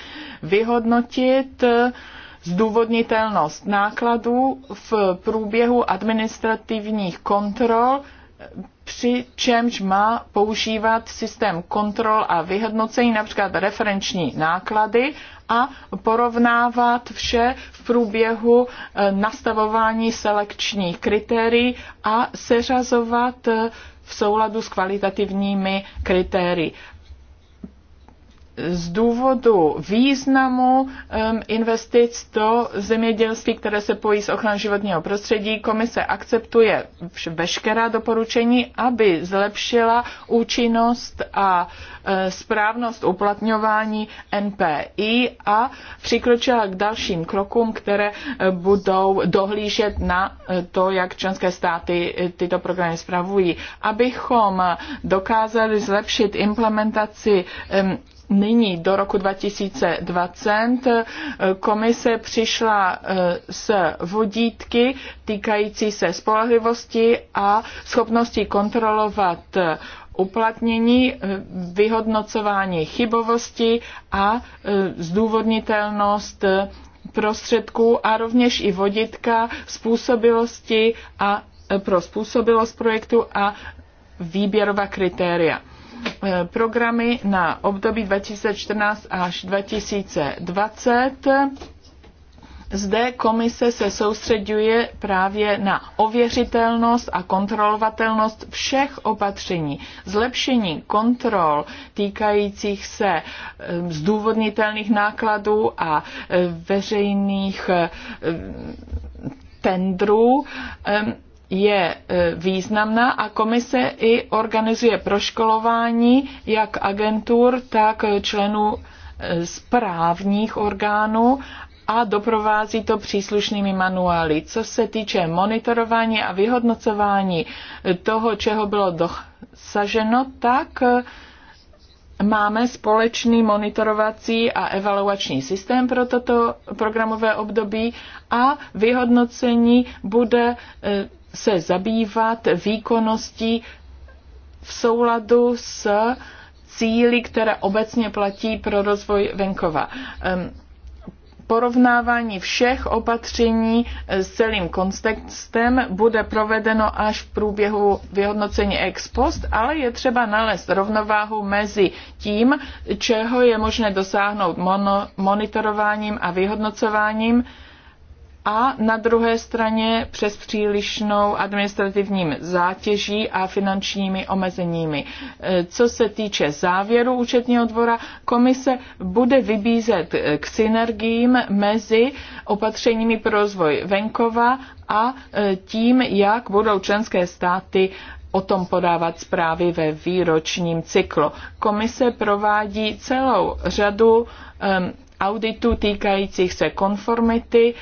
vyhodnotit uh, zdůvodnitelnost nákladů v průběhu administrativních kontrol, přičemž má používat systém kontrol a vyhodnocení, například referenční náklady a porovnávat vše v průběhu eh, nastavování selekčních kritérií a seřazovat eh, v souladu s kvalitativními kritérii z důvodu významu investic do zemědělství, které se pojí s ochranou životního prostředí, komise akceptuje veškerá doporučení, aby zlepšila účinnost a e, správnost uplatňování NPI a přikročila k dalším krokům, které e, budou dohlížet na e, to, jak členské státy tyto programy spravují. Abychom dokázali zlepšit implementaci Nyní do roku 2020 eh, komise přišla eh, s vodítky týkající se spolehlivosti a schopnosti kontrolovat eh, uplatnění, vyhodnocování chybovosti a zdůvodnitelnost prostředků a rovněž i vodítka způsobilosti a pro způsobilost projektu a výběrová kritéria. Eh, programy na období 2014 až 2020. Zde komise se soustředuje právě na ověřitelnost a kontrolovatelnost všech opatření, zlepšení kontrol týkajících se eh, zdůvodnitelných nákladů a eh, veřejných tendrů je e, významná a komise i organizuje proškolování jak agentur, tak členů e, správních orgánů a doprovází to příslušnými manuály. Co se týče monitorování a vyhodnocování e, toho, čeho bylo dosaženo, tak máme společný monitorovací a evaluační systém pro toto programové období a vyhodnocení bude se zabývat výkonností v souladu s cíly, které obecně platí pro rozvoj venkova. Porovnávání všech opatření s celým kontextem bude provedeno až v průběhu vyhodnocení ex post, ale je třeba nalézt rovnováhu mezi tím, čeho je možné dosáhnout monitorováním a vyhodnocováním, a na druhé straně přes přílišnou administrativním zátěží a finančními omezeními. E, co se týče závěru účetního dvora, komise bude vybízet e, k synergiím mezi opatřeními pro rozvoj venkova a e, tím, jak budou členské státy o tom podávat zprávy ve výročním cyklu. Komise provádí celou řadu um, auditů týkajících se konformity,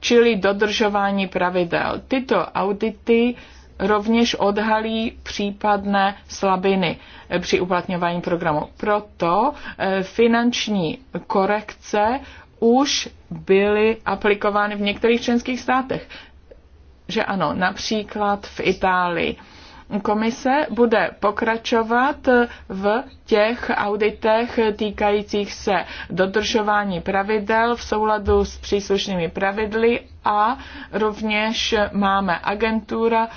čili dodržování pravidel. Tyto audity rovněž odhalí případné slabiny při uplatňování programu. Proto eh, finanční korekce už byly aplikovány v některých členských státech. Že ano, například v Itálii komise bude pokračovat v těch auditech týkajících se dodržování pravidel v souladu s příslušnými pravidly a rovněž máme agentura,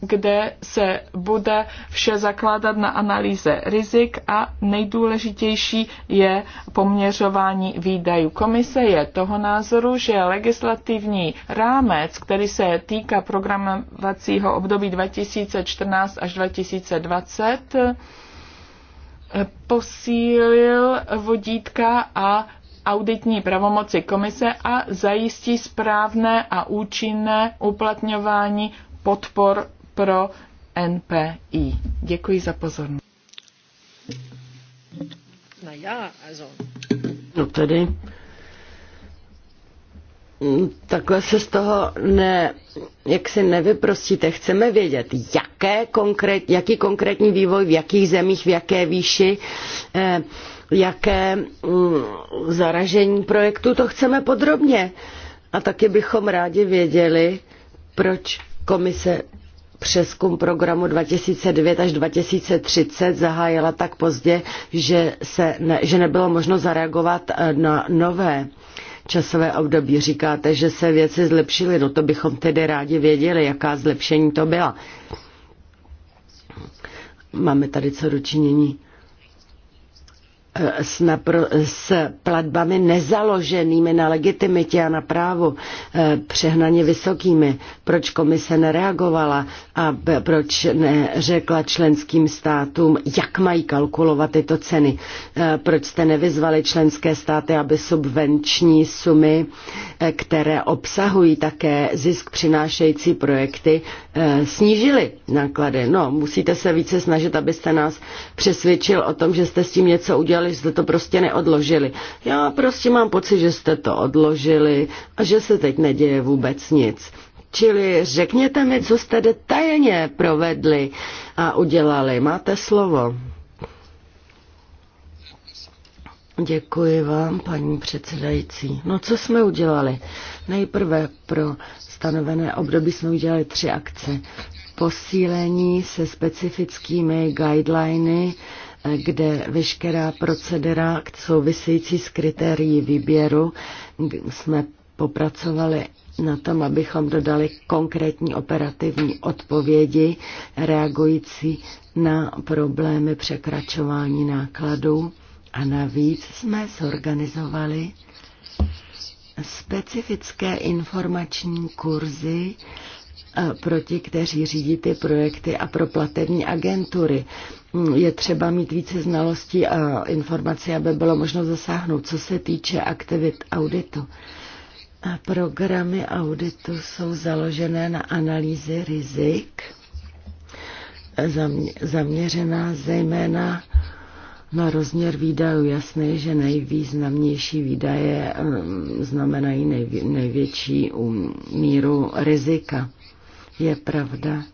kde se bude vše zakládat na analýze rizik a nejdůležitější je poměřování výdajů. Komise je toho názoru, že legislativní rámec, který se týká programovacího období 2014 až 2020, posílil vodítka a auditní pravomoci komise a zajistí správné a účinné uplatňování podpor pro NPI. Děkuji za pozornost. No tedy, mm, Takhle se z toho ne, jak si nevyprostíte. Chceme vědět, jaké konkrét, jaký konkrétní vývoj, v jakých zemích, v jaké výši, eh, jaké mm, zaražení projektu, to chceme podrobně. A taky bychom rádi věděli, proč komise přeskum programu 2009 až 2030 zahájila tak pozdě, že, se ne, že nebylo možno zareagovat eh, na nové časové období. Říkáte, že se věci zlepšily, no to bychom tedy rádi věděli, jaká zlepšení to byla. Máme tady co dočinění s, napro, s platbami nezaloženými na legitimitě a na právu eh, přehnaně vysokými. Proč komise nereagovala a proč neřekla členským státům, jak mají kalkulovat tyto ceny? Eh, proč jste nevyzvali členské státy, aby subvenční sumy, eh, které obsahují také zisk přinášející projekty, snížily náklady? No, musíte se více snažit, abyste nás přesvědčil o tom, že jste s tím něco udělali udělali, že jste to prostě neodložili. Já prostě mám pocit, že jste to odložili a že se teď neděje vůbec nic. Čili řekněte mi, co jste detailně provedli a udělali. Máte slovo. Děkuji vám, paní předsedající. No co jsme udělali? Nejprve pro stanovené období jsme udělali tři akce. Posílení se specifickými guideliny kde veškerá procedura související s kritérií výběru jsme popracovali na tom, abychom dodali konkrétní operativní odpovědi reagující na problémy překračování nákladů a navíc jsme zorganizovali specifické informační kurzy pro ti, kteří řídí ty projekty a pro platební agentury. Je třeba mít více znalostí a informací, aby bylo možno zasáhnout, co se týče aktivit auditu. A programy auditu jsou založené na analýzy rizik, zaměřená zejména na rozměr výdajů. Jasné, že nejvýznamnější výdaje um, znamenají největší um, míru rizika. Je pravda,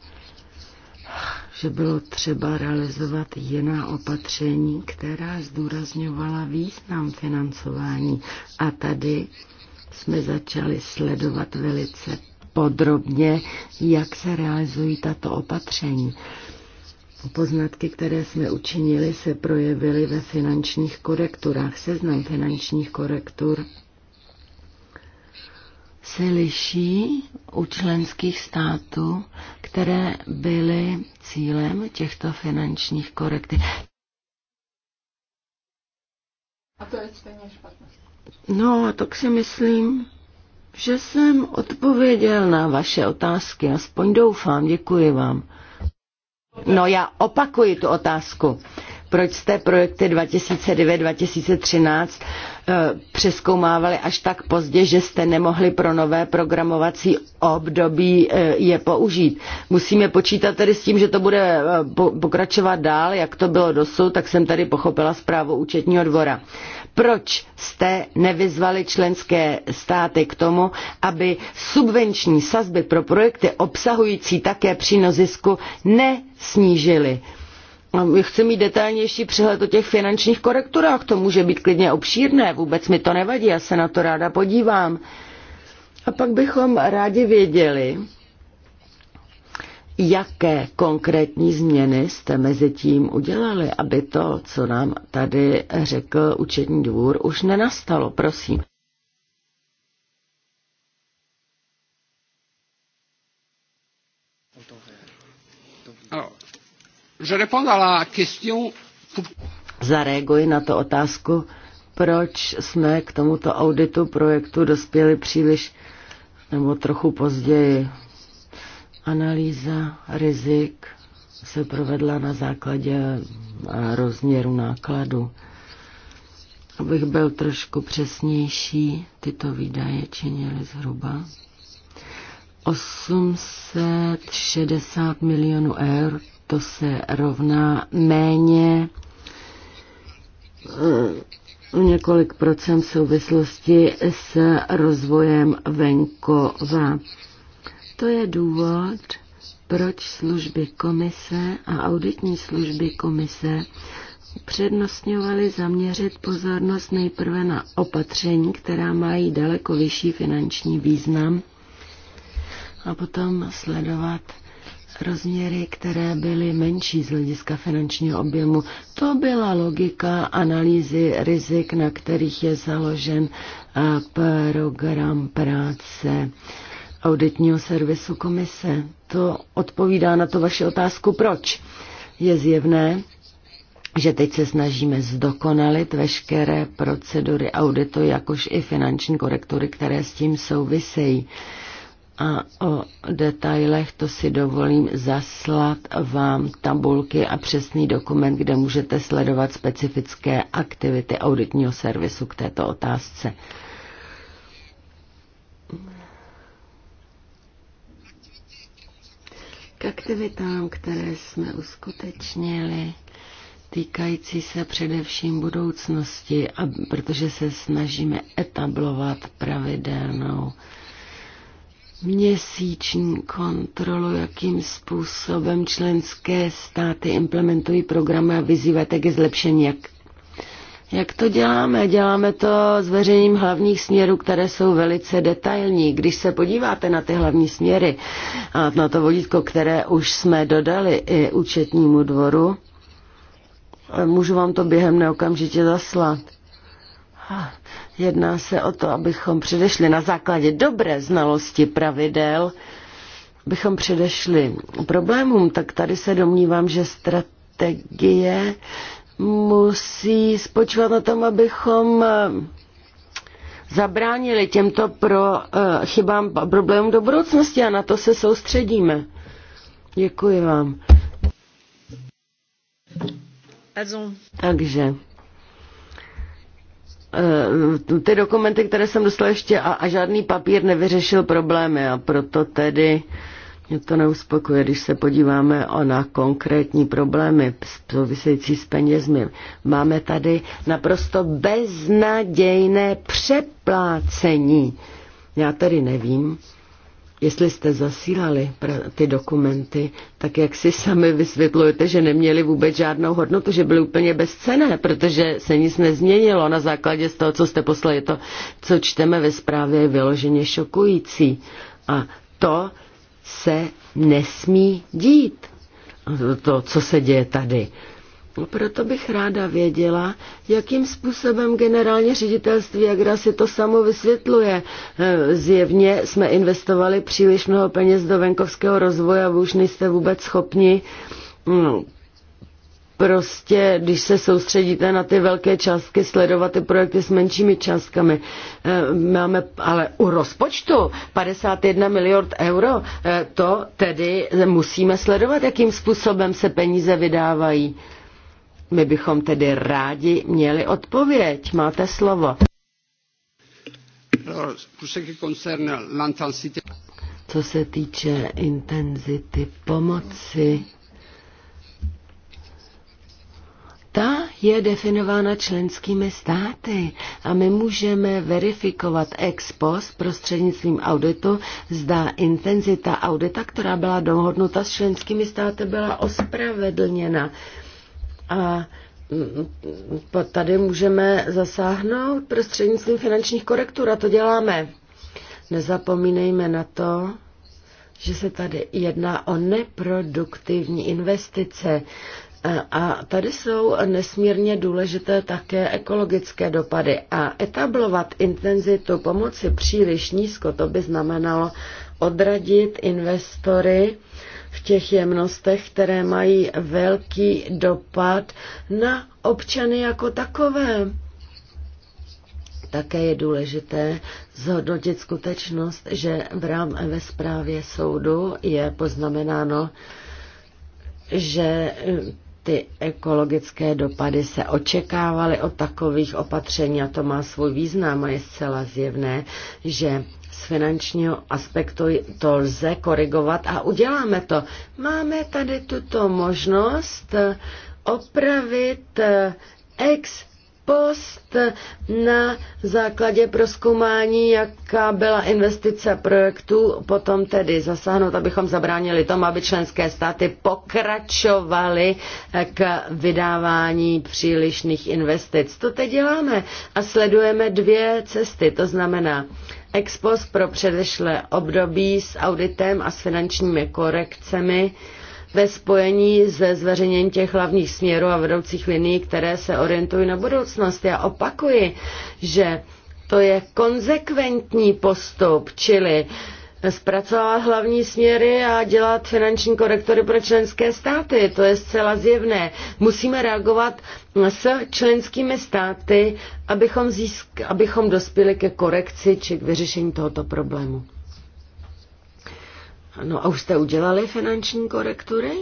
že bylo třeba realizovat jiná opatření, která zdůrazňovala význam financování. A tady jsme začali sledovat velice podrobně, jak se realizují tato opatření. Poznatky, které jsme učinili, se projevily ve finančních korekturách. Seznam finančních korektur se liší u členských států, které byly cílem těchto finančních korektiv. A to je stejně špatné. No a tak si myslím, že jsem odpověděl na vaše otázky, aspoň doufám, děkuji vám. No já opakuji tu otázku proč jste projekty 2009-2013 eh, přeskoumávali až tak pozdě, že jste nemohli pro nové programovací období eh, je použít. Musíme počítat tedy s tím, že to bude eh, pokračovat dál, jak to bylo dosud, tak jsem tady pochopila zprávu účetního dvora. Proč jste nevyzvali členské státy k tomu, aby subvenční sazby pro projekty obsahující také přínos zisku nesnížily? chci mít detailnější přehled o těch finančních korekturách. To může být klidně obšírné, vůbec mi to nevadí, já se na to ráda podívám. A pak bychom rádi věděli, jaké konkrétní změny jste mezi tím udělali, aby to, co nám tady řekl účetní dvůr, už nenastalo, prosím. Zareaguji na to otázku, proč jsme k tomuto auditu projektu dospěli příliš nebo trochu později. Analýza rizik se provedla na základě eh, rozměru nákladu. Abych byl trošku přesnější, tyto výdaje činily zhruba 860 milionů eur, to se rovná méně eh, několik procent v souvislosti s rozvojem venkova. To je důvod, proč služby komise a auditní služby komise přednostňovaly zaměřit pozornost nejprve na opatření, která mají daleko vyšší finanční význam a potom sledovat rozměry, které byly menší z hlediska finančního objemu. To byla logika analýzy rizik, na kterých je založen eh, program práce auditního servisu komise. To odpovídá na to vaši otázku, proč. Je zjevné, že teď se snažíme zdokonalit veškeré procedury auditu, jakož i finanční korektury, které s tím souvisejí a o detailech to si dovolím zaslat vám tabulky a přesný dokument, kde můžete sledovat specifické aktivity auditního servisu k této otázce. K aktivitám, které jsme uskutečnili, týkající se především budoucnosti, a protože se snažíme etablovat pravidelnou měsíční kontrolu, jakým způsobem členské státy implementují programy a vyzýváte ke zlepšení. Jak, jak to děláme? Děláme to s veřejním hlavních směrů, které jsou velice detailní. Když se podíváte na ty hlavní směry a na to vodítko, které už jsme dodali i účetnímu dvoru, můžu vám to během neokamžitě zaslat. Jedná se o to, abychom předešli na základě dobré znalosti pravidel, abychom předešli problémům, tak tady se domnívám, že strategie musí spočívat na tom, abychom eh, zabránili těmto pro, eh, chybám problémům do budoucnosti a na to se soustředíme. Děkuji vám. Also. Takže. Eh, ty dokumenty, které jsem dostala ještě a, a žádný papír nevyřešil problémy a proto tedy mě to neuspokuje, když se podíváme na konkrétní problémy související s penězmi. Máme tady naprosto beznadějné přeplácení. Já tedy nevím, Jestli jste zasílali ty dokumenty, tak jak si sami vysvětlujete, že neměli vůbec žádnou hodnotu, že byly úplně bezcené, protože se nic nezměnilo na základě z toho, co jste poslali. To, co čteme ve zprávě, je vyloženě šokující. A to se nesmí dít. To, co se děje tady proto bych ráda věděla, jakým způsobem generální ředitelství Agra si to samo vysvětluje. Eh, zjevně jsme investovali příliš mnoho peněz do venkovského rozvoje a vy už nejste vůbec schopni hm, prostě, když se soustředíte na ty velké částky, sledovat ty projekty s menšími částkami. Eh, máme ale u rozpočtu 51 miliard euro, eh, to tedy musíme sledovat, jakým způsobem se peníze vydávají. My bychom tedy rádi měli odpověď. Máte slovo. Co se týče intenzity pomoci, ta je definována členskými státy a my můžeme verifikovat ex post prostřednictvím auditu, zda intenzita audita, která byla dohodnuta s členskými státy, byla ospravedlněna. A mm, mm, tady můžeme zasáhnout prostřednictvím finančních korektur a to děláme. Nezapomínejme na to, že se tady jedná o neproduktivní investice. A tady jsou nesmírně důležité také ekologické dopady. A etablovat intenzitu pomoci příliš nízko, to by znamenalo odradit investory v těch jemnostech, které mají velký dopad na občany jako takové. Také je důležité zhodnotit skutečnost, že v rám ve zprávě soudu je poznamenáno, že eh, ty ekologické dopady se očekávaly od takových opatření a to má svůj význam a je zcela zjevné, že z finančního aspektu to lze korigovat a uděláme to. Máme tady tuto možnost eh, opravit eh, ex post na základě proskoumání, jaká byla investice projektu, potom tedy zasáhnout, abychom zabránili tomu, aby členské státy pokračovaly k vydávání přílišných investic. To teď děláme a sledujeme dvě cesty, to znamená ex post pro předešlé období s auditem a s finančními korekcemi, ve spojení se zveřejněním těch hlavních směrů a vedoucích linií, které se orientují na budoucnost. Já opakuji, že to je konzekventní postup, čili zpracovat hlavní směry a dělat finanční korektory pro členské státy. To je zcela zjevné. Musíme reagovat s členskými státy, abychom, získ- abychom dospěli ke korekci či k vyřešení tohoto problému. Ano, a už jste udělali finanční korektury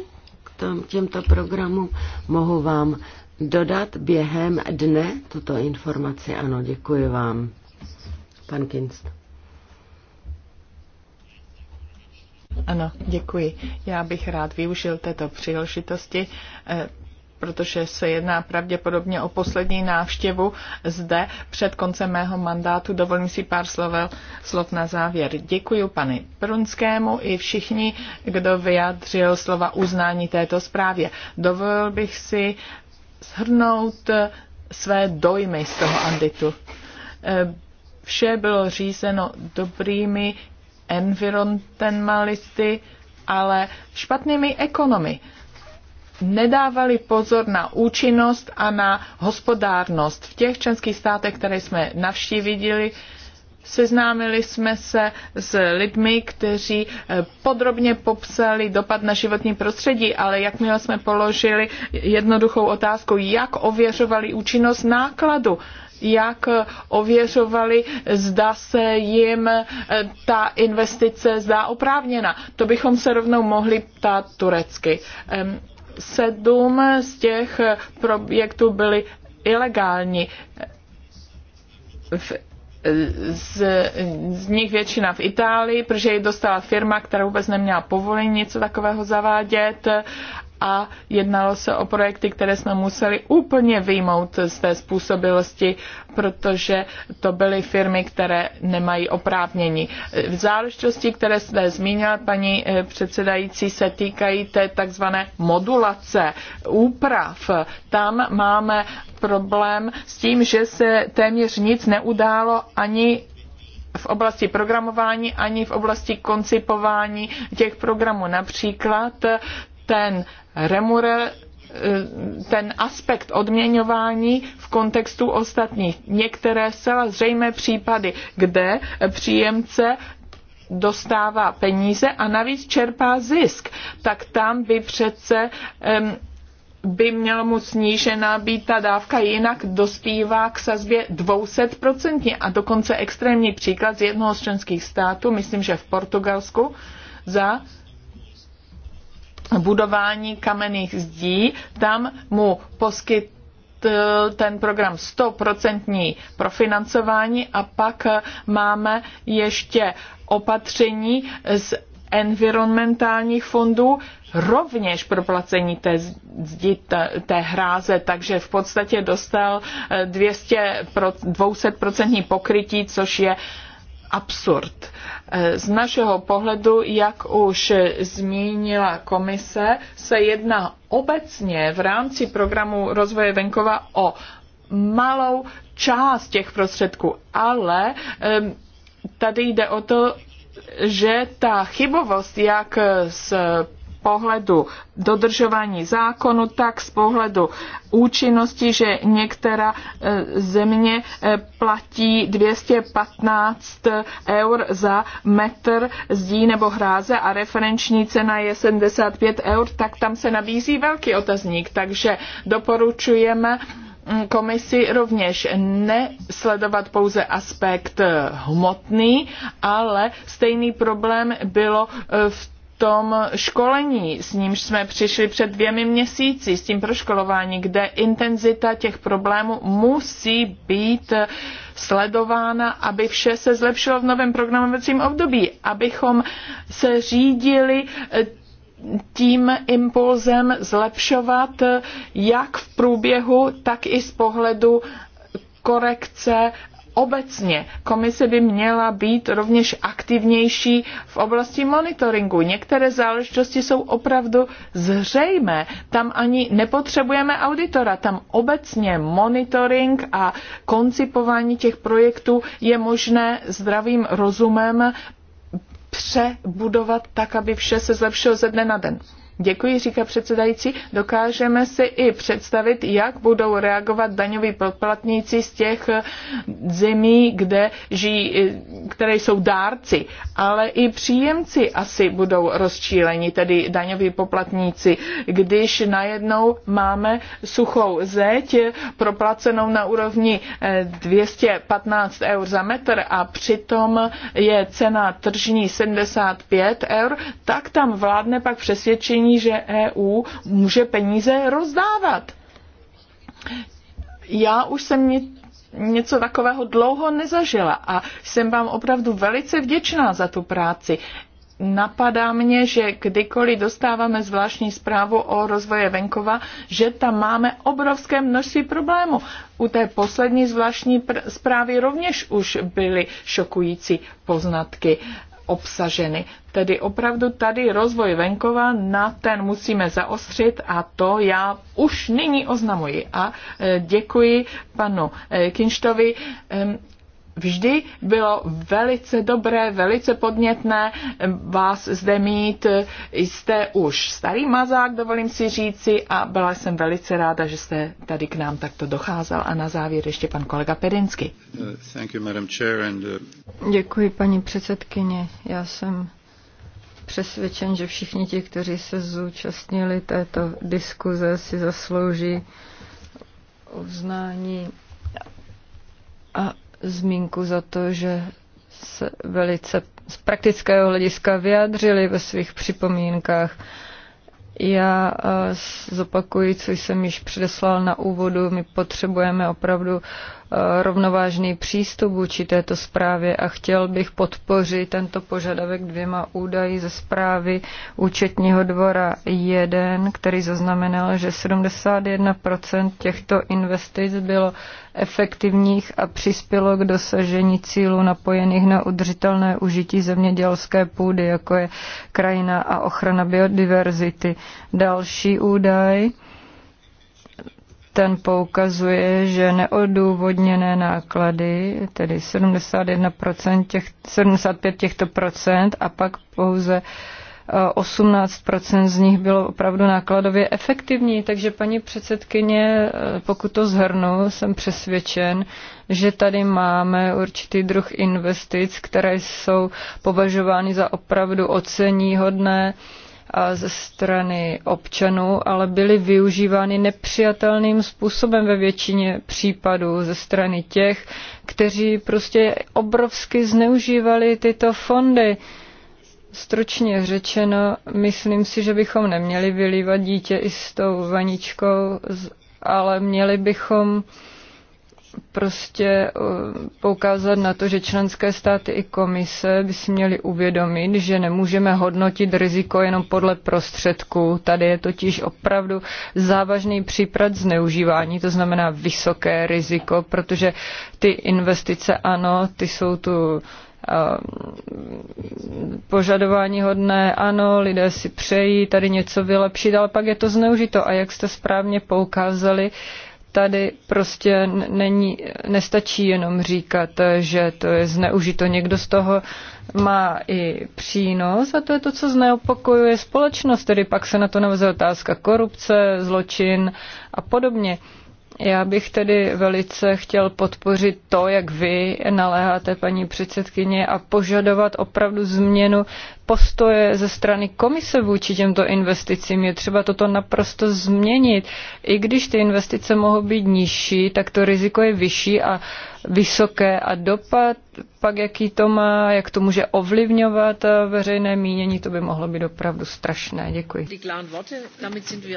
k tom, těmto programům? Mohu vám dodat během dne tuto informaci? Ano, děkuji vám. Pan Kinst. Ano, děkuji. Já bych rád využil této příležitosti eh, protože se jedná pravděpodobně o poslední návštěvu zde před koncem mého mandátu. Dovolím si pár slov, slov na závěr. Děkuji pani Prunskému i všichni, kdo vyjádřil slova uznání této zprávě. Dovolil bych si shrnout eh, své dojmy z toho anditu. Eh, vše bylo řízeno dobrými environmentalisty, ale špatnými ekonomy nedávali pozor na účinnost a na hospodárnost. V těch členských státech, které jsme navštívili, Seznámili jsme se s lidmi, kteří eh, podrobně popsali dopad na životní prostředí, ale jakmile jsme položili jednoduchou otázku, jak ověřovali účinnost nákladu, jak eh, ověřovali, zda se jim eh, ta investice zdá oprávněna. To bychom se rovnou mohli ptát turecky. Sedm z těch projektů byly ilegální. V z, z nich většina v Itálii, protože ji dostala firma, která vůbec neměla povolení něco takového zavádět a jednalo se o projekty, které jsme museli úplně vyjmout z té způsobilosti, protože to byly firmy, které nemají oprávnění. V záležitosti, které jste zmínila, paní eh, předsedající, se týkají té takzvané modulace úprav. Tam máme problém s tím, že se téměř nic neudálo ani v oblasti programování ani v oblasti koncipování těch programů. Například ten remure eh, ten aspekt odměňování v kontextu ostatních. Některé zcela zřejmé případy, kde příjemce dostává peníze a navíc čerpá zisk, tak tam by přece um, by měla mu snížená být ta dávka, jinak dospívá k sazbě 200%. A dokonce extrémní příklad z jednoho z členských států, myslím, že v Portugalsku, za budování kamenných zdí, tam mu poskyt eh, ten program 100% profinancování a pak eh, máme ještě opatření z environmentálních fondů rovněž proplacení té zdi, té hráze, takže v podstatě dostal 200, eh, 200% pokrytí, což je absurd. Eh, z našeho pohledu, jak už zmínila komise, se jedná obecně v rámci programu rozvoje venkova o malou část těch prostředků, ale tady jde o to, že ta chybovost, jak z pohledu dodržování zákonu, tak z pohledu účinnosti, že některá e, země e, platí 215 eur za metr zdí nebo hráze a referenční cena je 75 eur, tak tam se nabízí velký otazník. Takže doporučujeme mm, komisi rovněž nesledovat pouze aspekt hmotný, ale stejný problém bylo e, v tom školení, s nímž jsme přišli před dvěmi měsíci, s tím proškolování, kde intenzita těch problémů musí být sledována, aby vše se zlepšilo v novém programovacím období, abychom se řídili eh, tím impulzem zlepšovat eh, jak v průběhu, tak i z pohledu korekce obecně komise by měla být rovněž aktivnější v oblasti monitoringu. Některé záležitosti jsou opravdu zřejmé. Tam ani nepotřebujeme auditora. Tam obecně monitoring a koncipování těch projektů je možné zdravým rozumem přebudovat tak, aby vše se zlepšilo ze dne na den. Děkuji, říká předsedající. Dokážeme si i představit, jak budou reagovat daňoví poplatníci z těch zemí, kde žijí, které jsou dárci, ale i příjemci asi budou rozčíleni, tedy daňoví poplatníci, když najednou máme suchou zeď proplacenou na úrovni 215 eh, eur za metr a přitom je cena tržní 75 eur, tak tam vládne pak přesvědčení, přesvědčení, že EU může peníze rozdávat. Já už jsem něco takového dlouho nezažila a jsem vám opravdu velice vděčná za tu práci. Napadá mě, že kdykoliv dostáváme zvláštní zprávu o rozvoje venkova, že tam máme obrovské množství problémů. U té poslední zvláštní zprávy rovněž už byly šokující poznatky obsaženy. Tedy opravdu tady rozvoj venkova, na ten musíme zaostřit a to já už nyní oznamuji. A eh, děkuji panu eh, Kinštovi eh, vždy bylo velice dobré, velice podnětné vás zde mít. Jste už starý mazák, dovolím si říci, a byla jsem velice ráda, že jste tady k nám takto docházel. A na závěr ještě pan kolega Pedinsky. Uh, Děkuji, paní předsedkyně. Já jsem přesvědčen, že všichni ti, kteří se zúčastnili této diskuze, si zaslouží uznání a zmínku za to, že se velice z praktického hlediska vyjádřili ve svých připomínkách. Já eh, zopakuji, co jsem již předeslal na úvodu. My potřebujeme opravdu rovnovážný přístup vůči této zprávě a chtěl bych podpořit tento požadavek dvěma údaji ze zprávy účetního dvora 1, který zaznamenal, že 71% těchto investic bylo efektivních a přispělo k dosažení cílů napojených na udržitelné užití zemědělské půdy, jako je krajina a ochrana biodiverzity. Další údaj ten poukazuje, že neodůvodněné náklady, tedy 71% těch, 75 těchto procent a pak pouze 18% eh, z nich bylo opravdu nákladově efektivní, takže paní předsedkyně, eh, pokud to zhrnu, jsem přesvědčen, že tady máme určitý druh investic, které jsou považovány za opravdu oceníhodné hodné ze strany občanů, ale byly využívány nepřijatelným způsobem ve většině případů ze strany těch, kteří prostě obrovsky zneužívali tyto fondy. Stručně řečeno, myslím si, že bychom neměli vylívat dítě i s tou vaničkou, ale měli bychom prostě eh, poukázat na to, že členské státy i komise by si měly uvědomit, že nemůžeme hodnotit riziko jenom podle prostředků. Tady je totiž opravdu závažný případ zneužívání, to znamená vysoké riziko, protože ty investice, ano, ty jsou tu eh, požadování hodné, ano, lidé si přejí tady něco vylepšit, ale pak je to zneužito. A jak jste správně poukázali, uh, tady prostě není, nestačí jenom říkat, že to je zneužito. Někdo z toho má i přínos a to je to, co zneopokojuje společnost. Tedy pak se na to navazuje otázka korupce, zločin a podobně. Uh, já bych tedy velice chtěl podpořit to, jak vy naléháte paní předsedkyně a požadovat opravdu změnu postoje ze strany komise vůči těmto investicím. Je třeba toto naprosto změnit. I když ty investice mohou být nižší, tak to riziko je vyšší a vysoké a dopad, pak jaký to má, jak to může ovlivňovat eh, veřejné mínění, to by mohlo být opravdu strašné. Děkuji.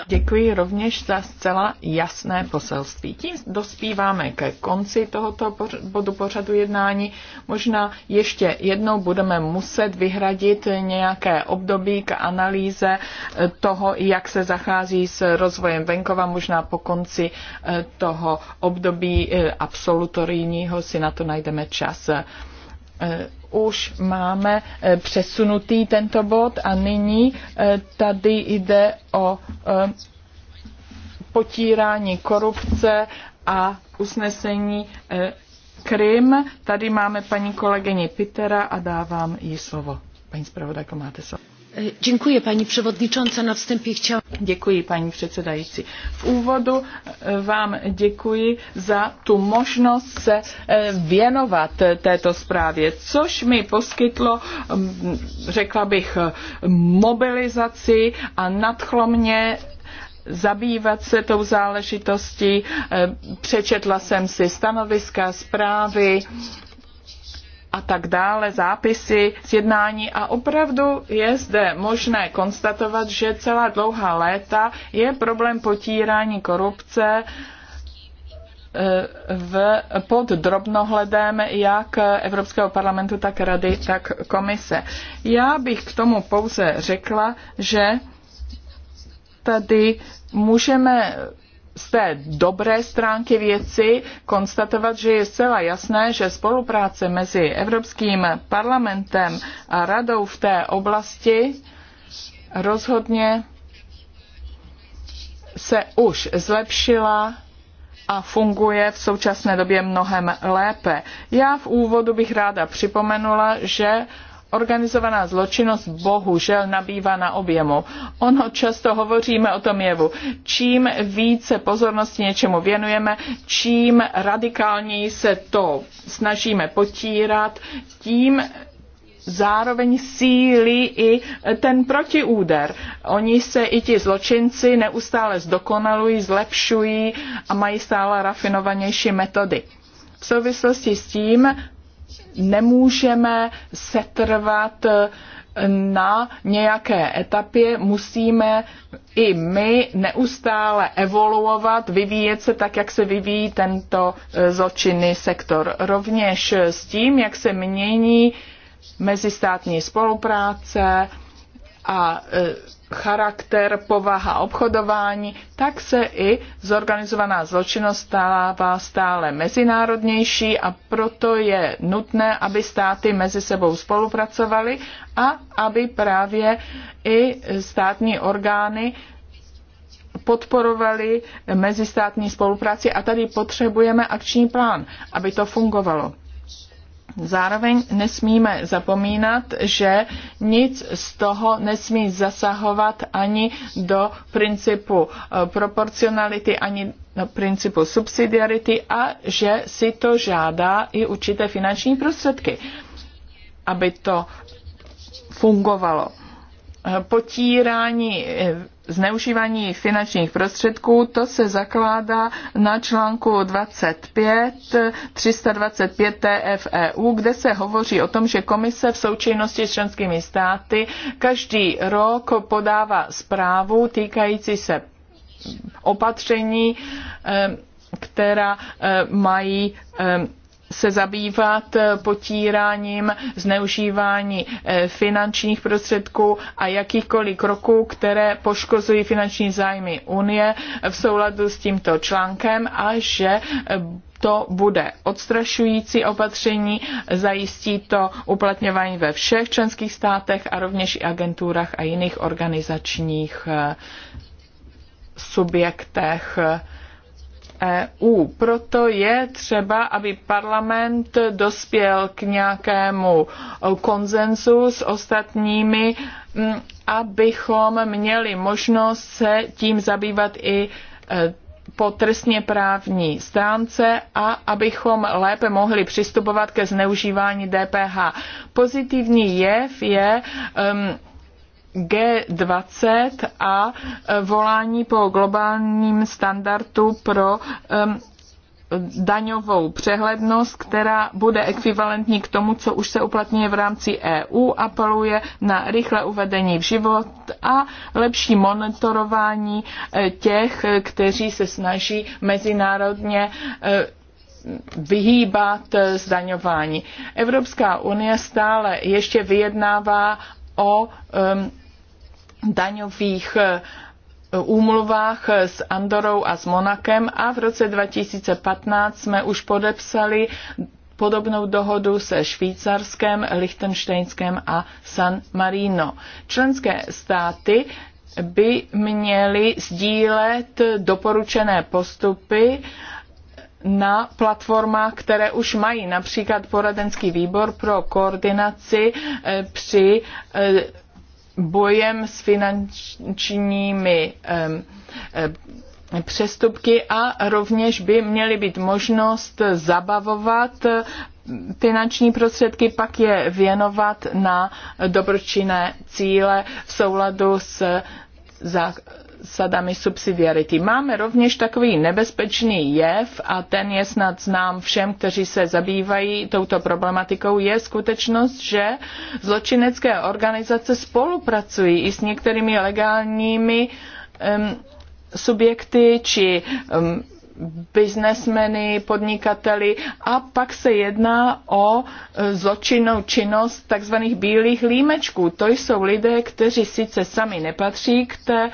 Děkuji rovněž za zcela jasné poselství. Tím dospíváme ke konci tohoto bodu pořadu jednání. Možná ještě jednou budeme muset vyhradit nějaké období k analýze eh, toho, jak se zachází s rozvojem venkova, možná po konci eh, toho období absolutorijní prvního si na to najdeme čas. E, už máme e, přesunutý tento bod a nyní e, tady jde o potírání korupce a usnesení Krym. Tady máme paní kolegyně Pitera a dávám jí slovo. Paní zpravodajko, máte slovo. Děkuji, Na chtěla... Děkuji, paní předsedající. V úvodu vám děkuji za tu možnost se věnovat e, této zprávě, což mi poskytlo, řekla bych, e, mobilizaci a nadchlo mě zabývat se tou záležitostí. E, přečetla jsem si stanoviska, zprávy, a tak dále, zápisy z jednání a opravdu je zde možné konstatovat, že celá dlouhá léta je problém potírání korupce e, v, pod drobnohledem jak Evropského parlamentu, tak Rady, tak Komise. Já bych k tomu pouze řekla, že tady můžeme z té dobré stránky věci konstatovat, že je zcela jasné, že spolupráce mezi Evropským parlamentem a radou v té oblasti rozhodně se už zlepšila a funguje v současné době mnohem lépe. Já v úvodu bych ráda připomenula, že organizovaná zločinnost bohužel nabývá na objemu. Ono často hovoříme o tom jevu. Čím více pozornosti něčemu věnujeme, čím radikálněji se to snažíme potírat, tím zároveň sílí i ten protiúder. Oni se i ti zločinci neustále zdokonalují, zlepšují a mají stále rafinovanější metody. V souvislosti s tím nemůžeme setrvat eh, na nějaké etapě, musíme i my neustále evoluovat, vyvíjet se tak, jak se vyvíjí tento eh, zločinný sektor. Rovněž eh, s tím, jak se mění mezistátní spolupráce a charakter, povaha obchodování, tak se i zorganizovaná zločinnost stává stále mezinárodnější a proto je nutné, aby státy mezi sebou spolupracovaly a aby právě i státní orgány podporovaly mezistátní spolupráci a tady potřebujeme akční plán, aby to fungovalo Zároveň nesmíme zapomínat, že nic z toho nesmí zasahovat ani do principu eh, proporcionality, ani do principu subsidiarity a že si to žádá i určité finanční prostředky, aby to fungovalo potírání eh, zneužívání finančních prostředků, to se zakládá na článku 25, 325 TFEU, kde se hovoří o tom, že komise v součinnosti s členskými státy každý rok podává zprávu týkající se opatření, eh, která eh, mají se zabývat eh, potíráním zneužívání eh, finančních prostředků a jakýchkoliv kroků, které poškozují finanční zájmy Unie v souladu s tímto článkem a že eh, to bude odstrašující opatření, zajistí to uplatňování ve všech členských státech a rovněž i agenturách a jiných organizačních subjektech EU. Proto je třeba, aby parlament dospěl k nějakému konzensu s ostatními, mm, abychom měli možnost se tím zabývat i e, po trestně právní stránce a abychom lépe mohli přistupovat ke zneužívání DPH. Pozitivní jev je um, G20 a e, volání po globálním standardu pro um, daňovou přehlednost, která bude ekvivalentní k tomu, co už se uplatňuje v rámci EU, apeluje na rychle uvedení v život a lepší monitorování e, těch, kteří se snaží mezinárodně vyhýbat zdaňování. Evropská unie stále ještě vyjednává o um, daňových eh, úmluvách s Andorou a s Monakem a v roce 2015 jsme už podepsali podobnou dohodu se Švýcarskem, Lichtenštejnskem a San Marino. Členské státy by měly sdílet doporučené postupy na platformách, které už mají, například poradenský výbor pro koordinaci eh, při eh, bojem s finančními přestupky a rovněž by měly být možnost zabavovat finanční prostředky, pak je věnovat na dobročinné cíle v souladu s zásadami subsidiarity. Máme rovněž takový nebezpečný jev a ten je snad znám všem, kteří se zabývají touto problematikou, je skutečnost, že zločinecké organizace spolupracují i s některými legálními um, subjekty či um, biznesmeny, podnikateli a pak se jedná o e, zločinnou činnost tzv. bílých límečků. To jsou lidé, kteří sice sami nepatří k té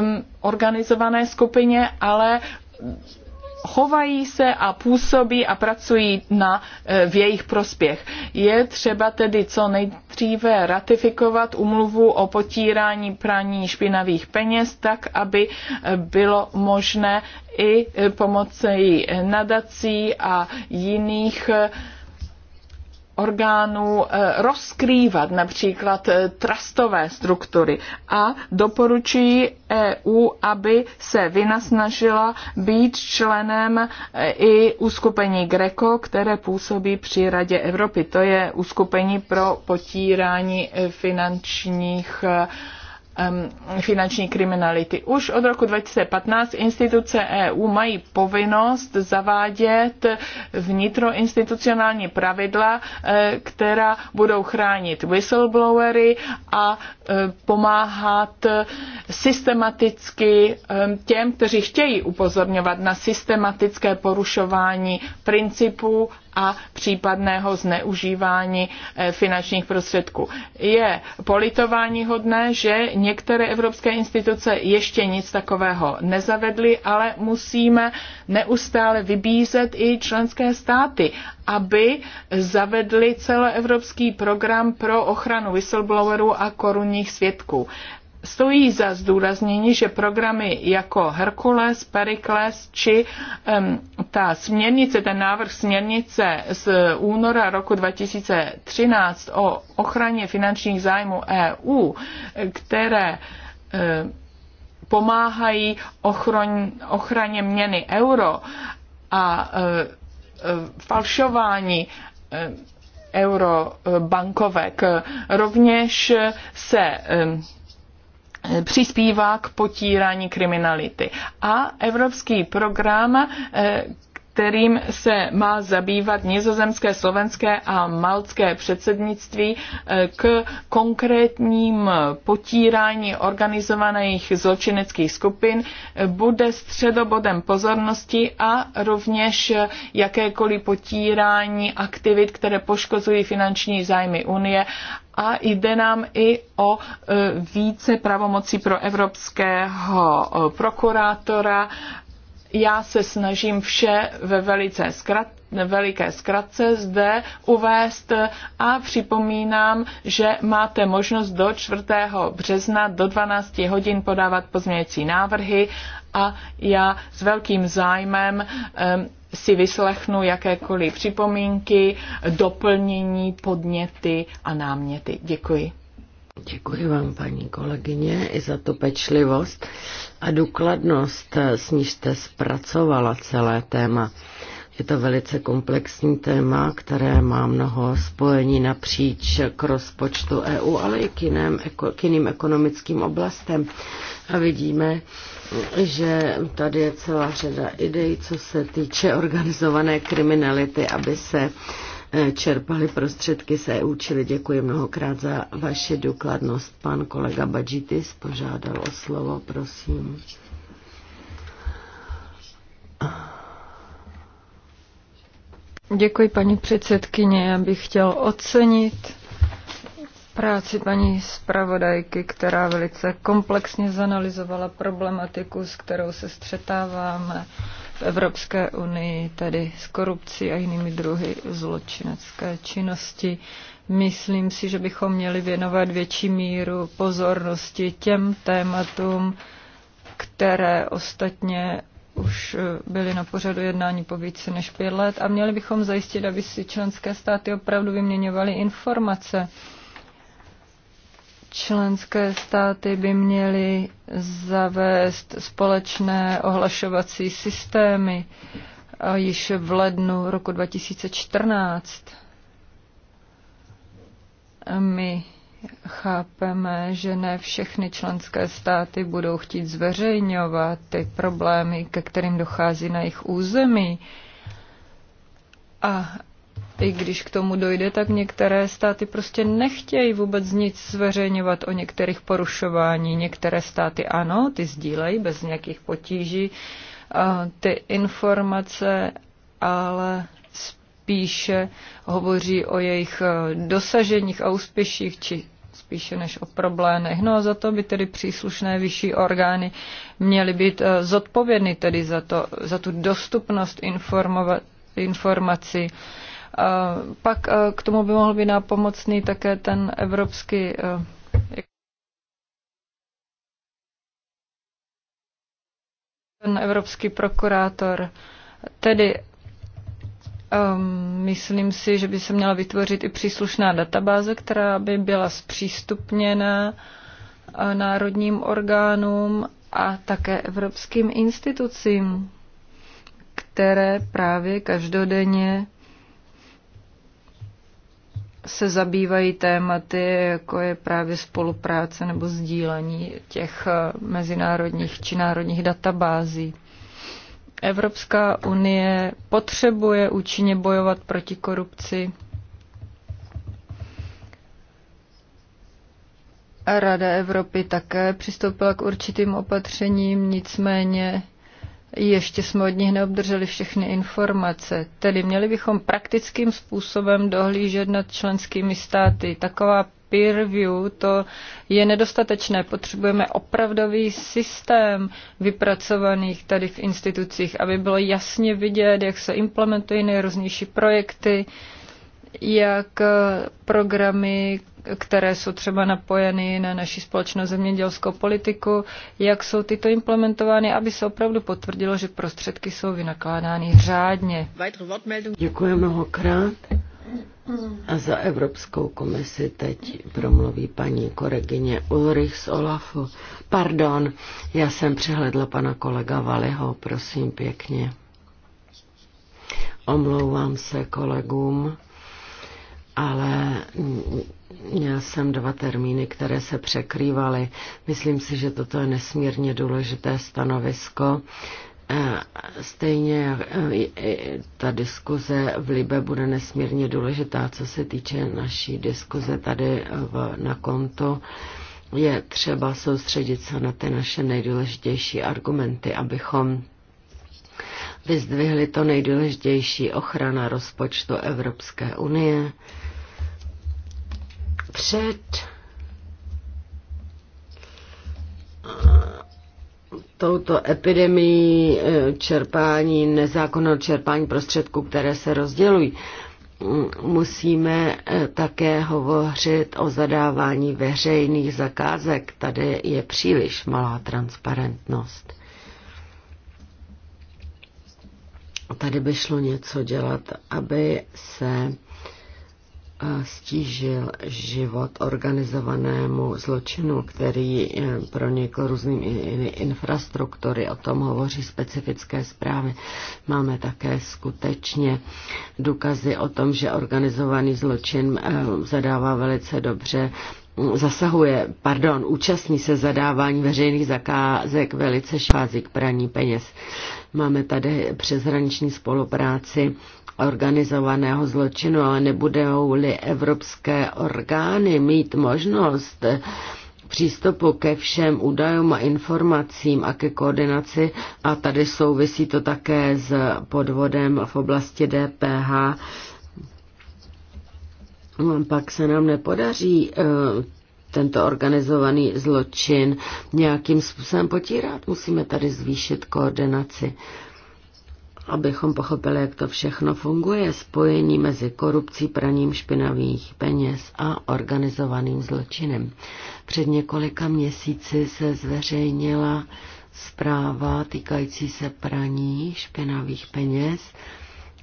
um, organizované skupině, ale chovají se a působí a pracují na, e, v jejich prospěch. Je třeba tedy co nejdříve ratifikovat umluvu o potírání praní špinavých peněz, tak aby e, bylo možné i e, pomocí nadací a jiných orgánů eh, rozkrývat například eh, trastové struktury a doporučují EU, aby se vynasnažila být členem eh, i uskupení GRECO, které působí při Radě Evropy. To je uskupení pro potírání finančních finanční kriminality. Už od roku 2015 instituce EU mají povinnost zavádět vnitroinstitucionální pravidla, eh, která budou chránit whistleblowery a eh, pomáhat systematicky těm, kteří chtějí upozorňovat na systematické porušování principů a případného zneužívání eh, finančních prostředků. Je politování hodné, že některé evropské instituce ještě nic takového nezavedly, ale musíme neustále vybízet i členské státy, aby zavedly celoevropský program pro ochranu whistleblowerů a korunních svědků. Stojí za zdůraznění, že programy jako Herkules, Perikles či um, ta směrnice, ten návrh směrnice z února roku 2013 o ochraně finančních zájmů EU, které eh, pomáhají ochroň, ochraně měny euro a eh, eh, falšování euro bankovek. Rovněž se Eh, přispívá k potírání kriminality. A evropský program eh, kterým se má zabývat nizozemské, slovenské a maltské předsednictví eh, k konkrétním potírání organizovaných zločineckých skupin, eh, bude středobodem pozornosti a rovněž eh, jakékoliv potírání aktivit, které poškozují finanční zájmy Unie a jde nám i o více pravomocí pro evropského prokurátora já se snažím vše ve velice zkrat, veliké zkratce zde uvést a připomínám, že máte možnost do 4. března do 12 hodin podávat pozměňující návrhy a já s velkým zájmem um, si vyslechnu jakékoliv připomínky, doplnění, podněty a náměty. Děkuji. Děkuji vám, paní kolegyně, i za tu pečlivost a důkladnost, s níž jste zpracovala celé téma. Je to velice komplexní téma, které má mnoho spojení napříč k rozpočtu EU, ale i k, jiným, k jiným ekonomickým oblastem. A vidíme, že tady je celá řada idej, co se týče organizované kriminality, aby se uh, Eh, čerpali prostředky se EU, čili děkuji mnohokrát za vaši důkladnost. Pan kolega Badžitis požádal o slovo, prosím. Děkuji, paní předsedkyně. Já bych chtěl ocenit práci paní zpravodajky, která velice komplexně zanalizovala problematiku, s kterou se střetáváme. Evropské unii, tedy s korupcí a jinými druhy zločinecké činnosti. Myslím si, že bychom měli věnovat větší míru pozornosti těm tématům, které ostatně už eh, byly na pořadu jednání po více než pět let a měli bychom zajistit, aby si členské státy opravdu vyměňovaly informace Členské státy by měly zavést společné ohlašovací systémy již v lednu roku 2014. My chápeme, že ne všechny členské státy budou chtít zveřejňovat ty problémy, ke kterým dochází na jejich území. A i když k tomu dojde, tak některé státy prostě nechtějí vůbec nic zveřejňovat o některých porušování. Některé státy ano, ty sdílejí bez nějakých potíží ty informace, ale spíše hovoří o jejich e, dosaženích a úspěších či spíše než o problémech. No a za to by tedy příslušné vyšší orgány měly být e, zodpovědny tedy za, to, za tu dostupnost informací. Pak e, k tomu by mohl být nápomocný také ten evropský e, ten evropský prokurátor. Tedy um, myslím si, že by se měla vytvořit i příslušná databáze, která by byla zpřístupněna e, národním orgánům a také evropským institucím, které právě každodenně se zabývají tématy, jako je právě spolupráce nebo sdílení těch eh, mezinárodních či národních databází. Evropská unie potřebuje účinně bojovat proti korupci. Rada Evropy také přistoupila k určitým opatřením, nicméně ještě jsme od nich neobdrželi všechny informace, tedy měli bychom praktickým způsobem dohlížet nad členskými státy. Taková peer review to je nedostatečné. Potřebujeme opravdový systém vypracovaných tady v institucích, aby bylo jasně vidět, jak se implementují nejrůznější projekty, jak eh, programy, které jsou třeba napojeny na naši společnou zemědělskou politiku, jak jsou tyto implementovány, aby se opravdu potvrdilo, že prostředky jsou vynakládány řádně. Děkuji mnohokrát. A za Evropskou komisi teď promluví paní koregyně Ulrich z Olafu. Pardon, já jsem přehledla pana kolega Valiho, prosím pěkně. Omlouvám se kolegům, ale Měl jsem dva termíny, které se překrývaly. Myslím si, že toto je nesmírně důležité stanovisko. Eh, stejně eh, eh, ta diskuze v Libe bude nesmírně důležitá, co se týče naší diskuze tady v, na konto. Je třeba soustředit se na ty naše nejdůležitější argumenty, abychom vyzdvihli to nejdůležitější ochrana rozpočtu Evropské unie, před touto epidemii e, čerpání, nezákonného čerpání prostředků, které se rozdělují. Musíme e, také hovořit o zadávání veřejných zakázek. Tady je příliš malá transparentnost. Tady by šlo něco dělat, aby se stížil život organizovanému zločinu, který eh, pronikl různými infrastruktury. O tom hovoří specifické zprávy. Máme také skutečně důkazy o tom, že organizovaný zločin eh, zadává velice dobře zasahuje, pardon, účastní se zadávání veřejných zakázek velice šází k praní peněz. Máme tady přeshraniční spolupráci organizovaného zločinu, ale nebudou-li evropské orgány mít možnost přístupu ke všem údajům a informacím a ke koordinaci a tady souvisí to také s podvodem v oblasti DPH, pak se nám nepodaří eh, tento organizovaný zločin nějakým způsobem potírat. Musíme tady zvýšit koordinaci, abychom pochopili, jak to všechno funguje. Spojení mezi korupcí, praním špinavých peněz a organizovaným zločinem. Před několika měsíci se zveřejnila zpráva týkající se praní špinavých peněz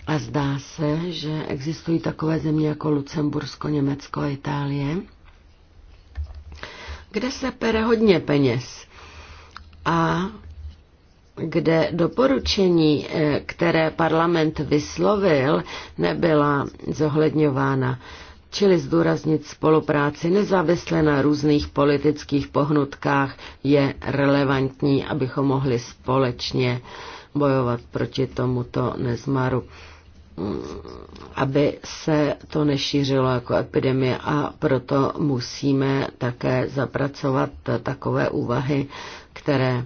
a zdá se, že existují takové země jako Lucembursko, Německo a Itálie, kde se pere hodně peněz a kde doporučení, eh, které parlament vyslovil, nebyla zohledňována čili zdůraznit spolupráci nezávisle na různých politických pohnutkách je relevantní, abychom mohli společně bojovat proti tomuto nezmaru aby se to nešířilo jako epidemie a proto musíme také zapracovat takové úvahy, které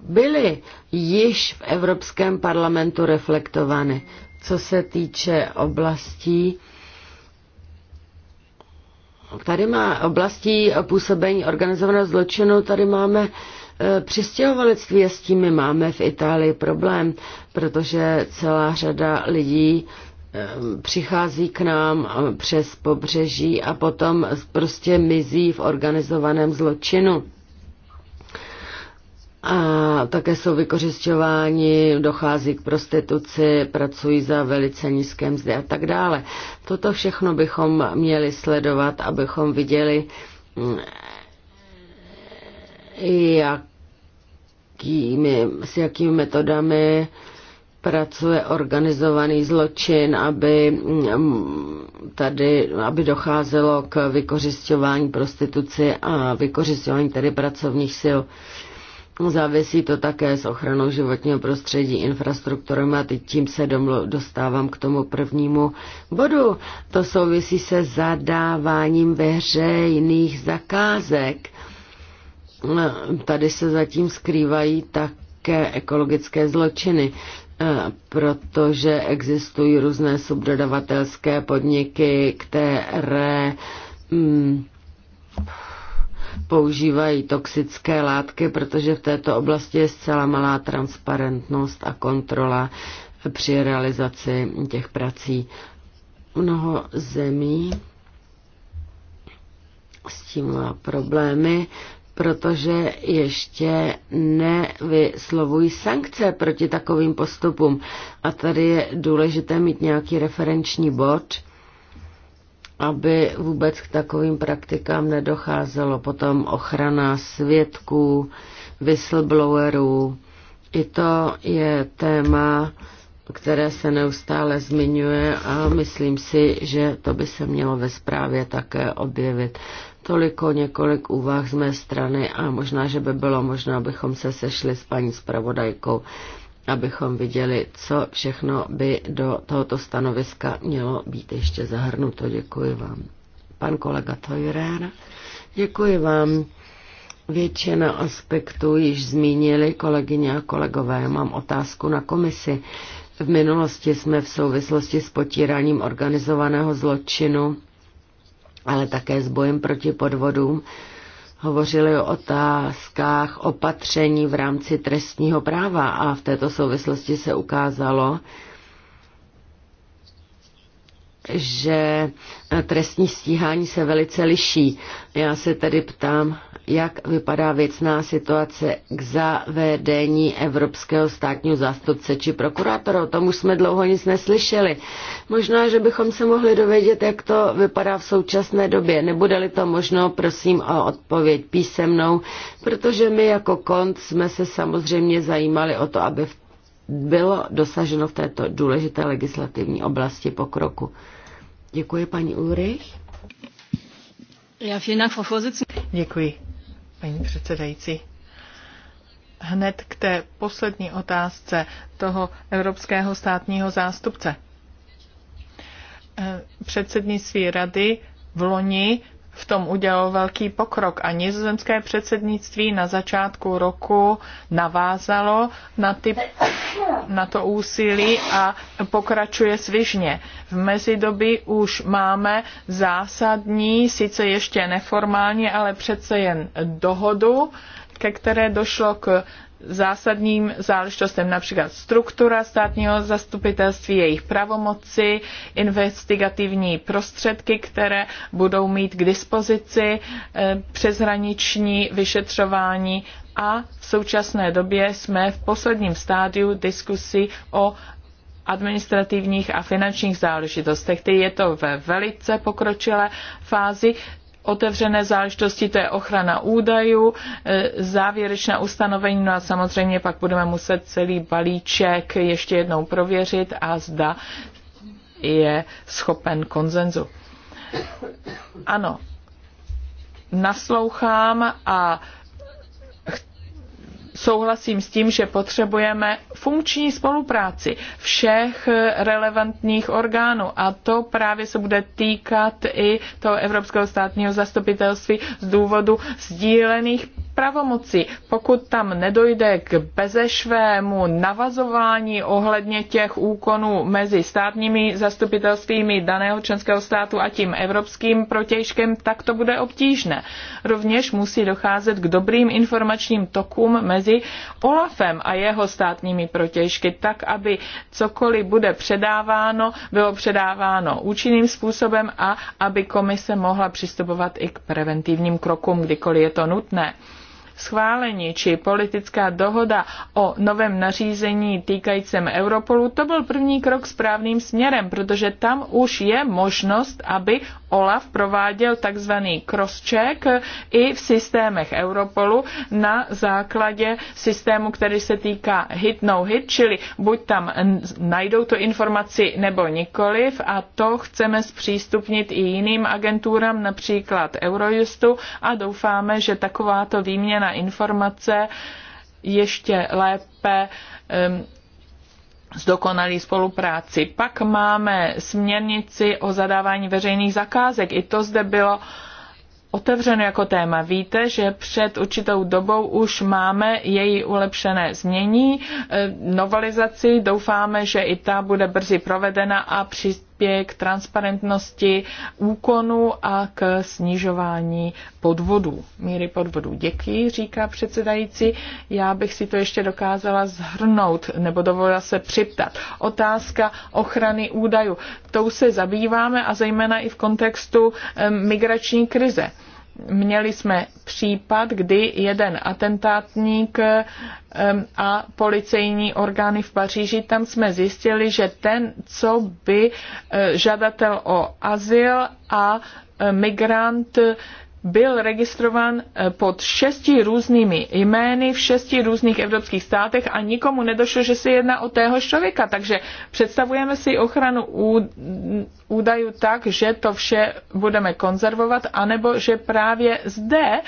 byly již v Evropském parlamentu reflektovány. Co se týče oblastí, tady má oblastí působení organizovaného zločinu, tady máme Přistěhovalectví s tím my máme v Itálii problém, protože celá řada lidí eh, přichází k nám přes pobřeží a potom prostě mizí v organizovaném zločinu. A také jsou vykořišťováni, dochází k prostituci, pracují za velice nízké mzdy a tak dále. Toto všechno bychom měli sledovat, abychom viděli, mm, jak jakými, s jakými metodami pracuje organizovaný zločin, aby mm, tady, aby docházelo k vykořišťování prostituci a vykořišťování tedy pracovních sil. Závisí to také s ochranou životního prostředí, infrastrukturou a teď tím se domlu, dostávám k tomu prvnímu bodu. To souvisí se zadáváním veřejných zakázek tady se zatím skrývají také ekologické zločiny, eh, protože existují různé subdodavatelské podniky, které mm, používají toxické látky, protože v této oblasti je zcela malá transparentnost a kontrola při realizaci těch prací. Mnoho zemí s tím má problémy protože ještě nevyslovují sankce proti takovým postupům. A tady je důležité mít nějaký referenční bod, aby vůbec k takovým praktikám nedocházelo. Potom ochrana svědků, whistleblowerů. I to je téma, které se neustále zmiňuje a myslím si, že to by se mělo ve zprávě také objevit. Toliko několik úvah z mé strany a možná, že by bylo možné, abychom se sešli s paní zpravodajkou, abychom viděli, co všechno by do tohoto stanoviska mělo být ještě zahrnuto. Děkuji vám. Pan kolega Tojrén, děkuji vám. Většina aspektů již zmínili kolegyně a kolegové. Mám otázku na komisi. V minulosti jsme v souvislosti s potíráním organizovaného zločinu ale také s bojem proti podvodům. Hovořili o otázkách opatření v rámci trestního práva a v této souvislosti se ukázalo, že eh, trestní stíhání se velice liší. Já se tedy ptám, jak vypadá věcná situace k zavedení evropského státního zástupce či prokurátora. O tom už jsme dlouho nic neslyšeli. Možná, že bychom se mohli dovědět, jak to vypadá v současné době. Nebude-li to možno, prosím o odpověď písemnou, protože my jako kont jsme se samozřejmě zajímali o to, aby v bylo dosaženo v této důležité legislativní oblasti pokroku. Děkuji, paní Ulrich. Já Děkuji, paní předsedající. Hned k té poslední otázce toho evropského státního zástupce. Eh, předsednictví rady v loni v tom udělalo velký pokrok a nizozemské předsednictví na začátku roku navázalo na, ty, na to úsilí a pokračuje svižně. V mezidobí už máme zásadní, sice ještě neformálně, ale přece jen dohodu, ke které došlo k zásadním záležitostem, například struktura státního zastupitelství, jejich pravomoci, investigativní prostředky, které budou mít k dispozici eh, přeshraniční vyšetřování a v současné době jsme v posledním stádiu diskusí o administrativních a finančních záležitostech. Teď je to ve velice pokročilé fázi otevřené záležitosti, to je ochrana údajů, e, závěrečná ustanovení, no a samozřejmě pak budeme muset celý balíček ještě jednou prověřit a zda je schopen konzenzu. Ano, naslouchám a souhlasím s tím, že potřebujeme funkční spolupráci všech relevantních orgánů a to právě se bude týkat i toho Evropského státního zastupitelství z důvodu sdílených Pravomoci, Pokud tam nedojde k bezešvému navazování ohledně těch úkonů mezi státními zastupitelstvími daného členského státu a tím evropským protějškem, tak to bude obtížné. Rovněž musí docházet k dobrým informačním tokům mezi Olafem a jeho státními protějšky, tak aby cokoliv bude předáváno, bylo předáváno účinným způsobem a aby komise mohla přistupovat i k preventivním krokům, kdykoliv je to nutné schválení či politická dohoda o novém nařízení týkajícím Europolu, to byl první krok správným směrem, protože tam už je možnost, aby OLAF prováděl takzvaný crosscheck i v systémech Europolu na základě systému, který se týká hit no hit, čili buď tam najdou tu informaci nebo nikoliv a to chceme zpřístupnit i jiným agenturám, například Eurojustu a doufáme, že takováto výměna informace ještě lépe um, zdokonalí spolupráci. Pak máme směrnici o zadávání veřejných zakázek. I to zde bylo otevřeno jako téma. Víte, že před určitou dobou už máme její ulepšené změní, eh, novelizaci. Doufáme, že i ta bude brzy provedena a při prospěje k transparentnosti úkonu a k snižování podvodů. Míry podvodů. Děkuji, říká předsedající. Já bych si to ještě dokázala zhrnout nebo dovolila se připtat. Otázka ochrany údajů. Tou se zabýváme a zejména i v kontextu migrační krize Měli jsme případ, kdy jeden atentátník a policejní orgány v Paříži, tam jsme zjistili, že ten, co by eh, žadatel o azyl a eh, migrant byl registrován eh, pod šesti různými jmény v šesti různých evropských státech a nikomu nedošlo, že se jedná o téhož člověka. Takže představujeme si ochranu údajů tak, že to vše budeme konzervovat, anebo že právě zde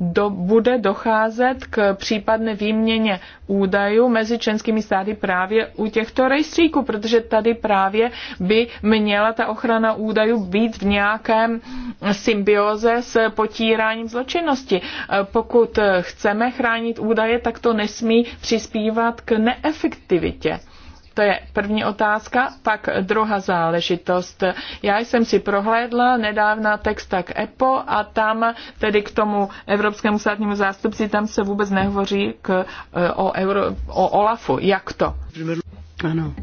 do, bude docházet k případné výměně údajů mezi členskými státy právě u těchto rejstříků, protože tady právě by měla ta ochrana údajů být v nějakém symbioze s potíráním zločinnosti. E, pokud chceme chránit údaje, tak to nesmí přispívat k neefektivitě to je první otázka. Pak druhá záležitost. Já jsem si prohlédla nedávna text tak EPO a tam tedy k tomu Evropskému státnímu zástupci tam se vůbec nehovoří k, eh, o, Euro, o OLAFu. Jak to? Ano,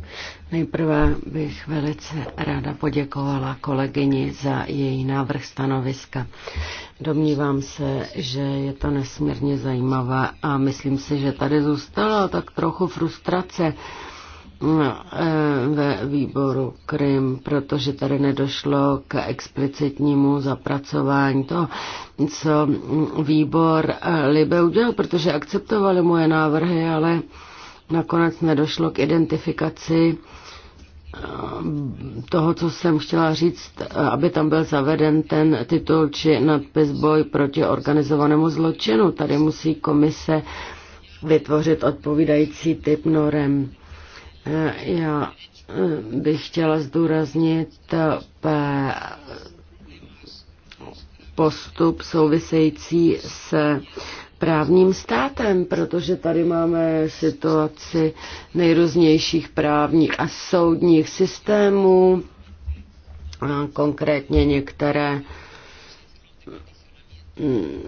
nejprve bych velice ráda poděkovala kolegyni za její návrh stanoviska. Domnívám se, že je to nesmírně zajímavé a myslím si, že tady zůstala tak trochu frustrace No, e, ve výboru Krym, protože tady nedošlo k explicitnímu zapracování toho, co výbor e, Libe udělal, protože akceptovali moje návrhy, ale nakonec nedošlo k identifikaci e, toho, co jsem chtěla říct, aby tam byl zaveden ten titul či nadpis boj proti organizovanému zločinu. Tady musí komise vytvořit odpovídající typ norem já eh, bych chtěla zdůraznit eh, postup související s právním státem, protože tady máme situaci nejrůznějších právních a soudních systémů, konkrétně některé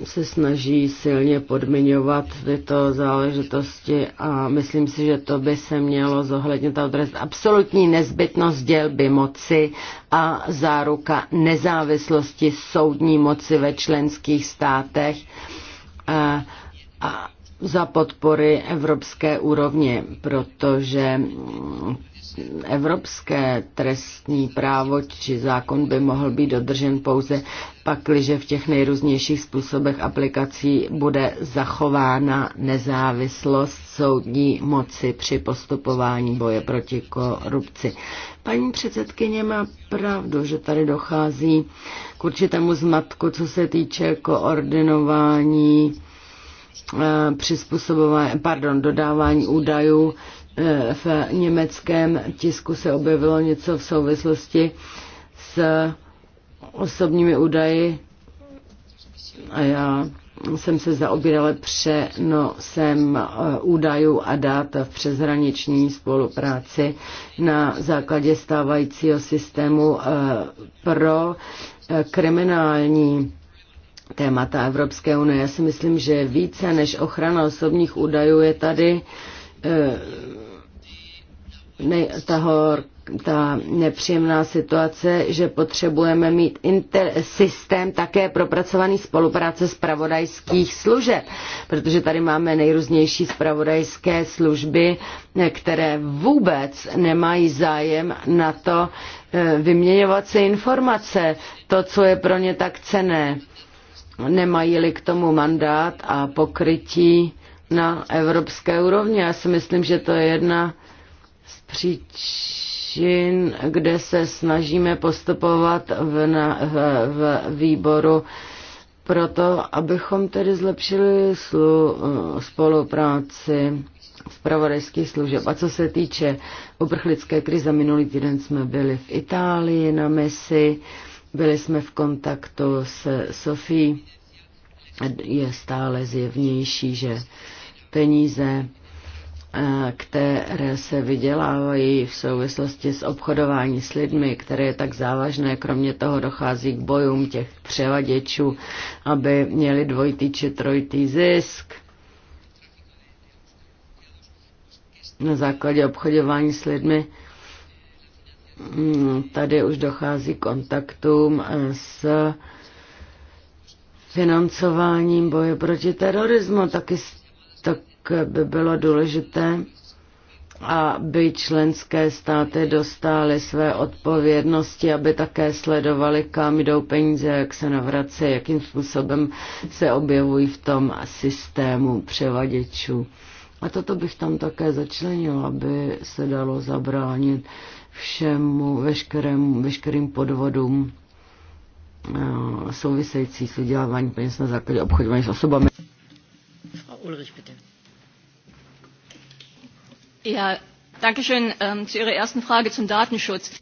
se snaží silně podmiňovat tyto záležitosti a myslím si, že to by se mělo zohlednit a odrazit. Absolutní nezbytnost dělby moci a záruka nezávislosti soudní moci ve členských státech a, a za podpory evropské úrovně, protože evropské trestní právo či zákon by mohl být dodržen pouze pakliže v těch nejrůznějších způsobech aplikací bude zachována nezávislost soudní moci při postupování boje proti korupci. Paní předsedkyně má pravdu, že tady dochází k určitému zmatku, co se týče koordinování eh, přizpůsobování, pardon, dodávání údajů Eh, v německém tisku se objevilo něco v souvislosti s osobními údaji a já jsem se zaobírala přenosem eh, údajů a dat v přeshraniční spolupráci na základě stávajícího systému eh, pro kriminální témata Evropské unie. Já si myslím, že více než ochrana osobních údajů je tady nej, ta, hor, ta nepříjemná situace, že potřebujeme mít inter, systém také propracovaný spolupráce spravodajských služeb, protože tady máme nejrůznější spravodajské služby, které vůbec nemají zájem na to e, vyměňovat si informace, to, co je pro ně tak cené. Nemají-li k tomu mandát a pokrytí na evropské úrovni. Já si myslím, že to je jedna z příčin, kde se snažíme postupovat v, na, v, v výboru proto, abychom tedy zlepšili slu, spolupráci pravodajských služeb. A co se týče uprchlické krize, minulý týden jsme byli v Itálii na misi, byli jsme v kontaktu s Sofí. Je stále zjevnější, že peníze které se vydělávají v souvislosti s obchodování s lidmi, které je tak závažné. Kromě toho dochází k bojům těch převaděčů, aby měli dvojitý či trojitý zisk. Na základě obchodování s lidmi mm, tady už dochází kontaktům s financováním boje proti terorismu, taky s by bylo důležité, aby členské státy dostály své odpovědnosti, aby také sledovali, kam jdou peníze, jak se navrací, jakým způsobem se objevují v tom systému převaděčů. A toto bych tam také začlenil, aby se dalo zabránit všemu, veškerém, veškerým podvodům eh, související s uděláváním peněz na základě obchodování s osobami. Frau Ulrich, bitte. Já ähm,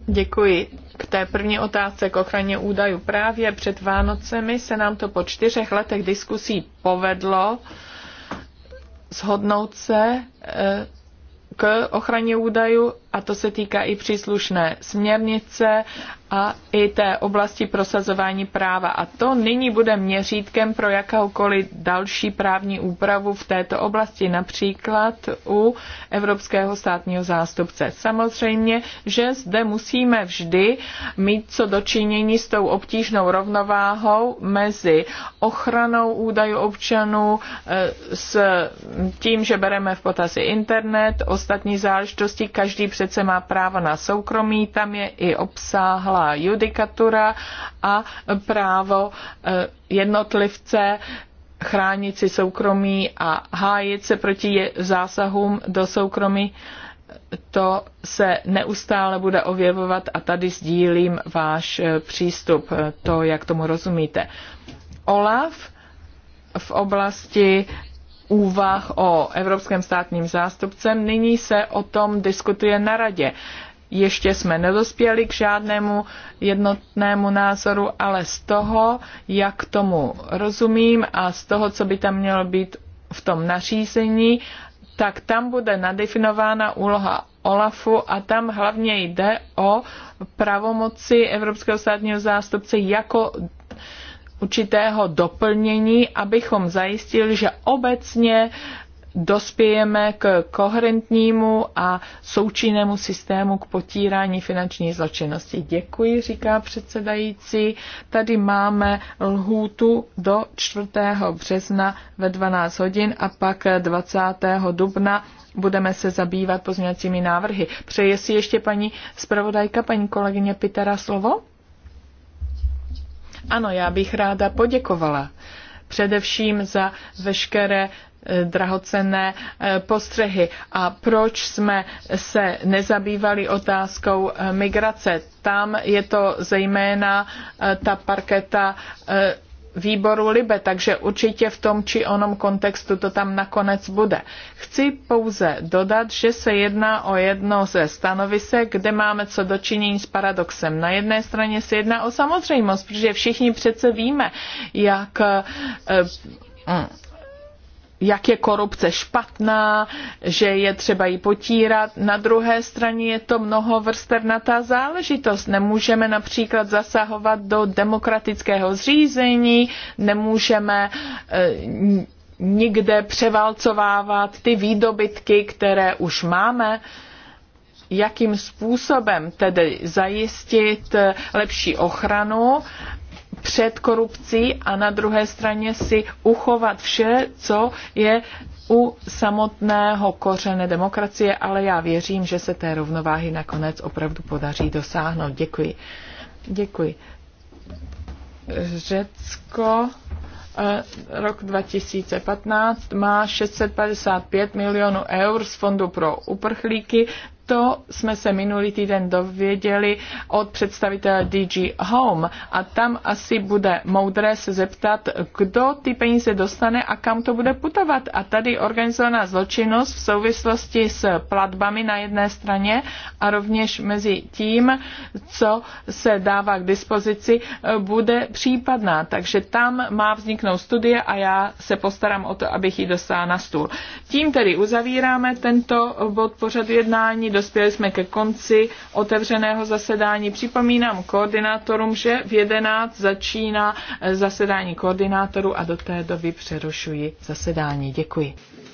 Děkuji. K té první otázce k ochraně údajů. Právě před Vánocemi se nám to po čtyřech letech diskusí povedlo shodnout se e, k ochraně údajů a to se týká i příslušné směrnice a i té oblasti prosazování práva. A to nyní bude měřítkem pro jakoukoliv další právní úpravu v této oblasti, například u Evropského státního zástupce. Samozřejmě, že zde musíme vždy mít co dočinění s tou obtížnou rovnováhou mezi ochranou údajů občanů, eh, s tím, že bereme v potazy internet, ostatní záležitosti, každý přece má právo na soukromí, tam je i obsáhla celá judikatura a právo eh, jednotlivce chránit si soukromí a hájit se proti zásahům do soukromí, to se neustále bude objevovat a tady sdílím váš eh, přístup, eh, to, jak tomu rozumíte. OLAF v oblasti úvah o evropském státním zástupcem. Nyní se o tom diskutuje na radě. Ještě jsme nedospěli k žádnému jednotnému názoru, ale z toho, jak tomu rozumím a z toho, co by tam mělo být v tom nařízení, tak tam bude nadefinována úloha OLAFu a tam hlavně jde o pravomoci Evropského státního zástupce jako určitého doplnění, abychom zajistili, že obecně dospějeme k koherentnímu a součinnému systému k potírání finanční zločinnosti. Děkuji, říká předsedající. Tady máme lhůtu do 4. března ve 12 hodin a pak 20. dubna budeme se zabývat pozměňovacími návrhy. Přeje si ještě paní zpravodajka, paní kolegyně Pitera slovo? Ano, já bych ráda poděkovala především za veškeré Eh, drahocenné eh, postřehy a proč jsme se nezabývali otázkou eh, migrace. Tam je to zejména ta parketa výboru Libe, takže určitě v tom či onom kontextu to tam nakonec bude. Chci pouze dodat, že se jedná o jedno ze stanovisek, kde máme co dočinění s paradoxem. Na jedné straně se jedná o samozřejmost, protože všichni přece víme, jak mm, jak je korupce špatná, že je třeba ji potírat. Na druhé straně je to mnoho vrstevnatá záležitost. Nemůžeme například zasahovat do demokratického zřízení, nemůžeme eh, nikde převálcovávat ty výdobytky, které už máme jakým způsobem tedy zajistit eh, lepší ochranu před korupcí a na druhé straně si uchovat vše, co je u samotného kořene demokracie, ale já věřím, že se té rovnováhy nakonec opravdu podaří dosáhnout. Děkuji. Děkuji. Řecko eh, rok 2015 má 655 milionů eur z Fondu pro uprchlíky to jsme se minulý týden dověděli od představitele DG Home a tam asi bude moudré se zeptat, kdo ty peníze dostane a kam to bude putovat. A tady organizovaná zločinnost v souvislosti s platbami na jedné straně a rovněž mezi tím, co se dává k dispozici, bude případná. Takže tam má vzniknout studie a já se postarám o to, abych ji dostala na stůl. Tím tedy uzavíráme tento bod pořadu jednání. Do dospěli jsme ke konci otevřeného zasedání. Připomínám koordinátorům, že v 11 začíná eh, zasedání koordinátorů a do té doby přerušuji zasedání. Děkuji.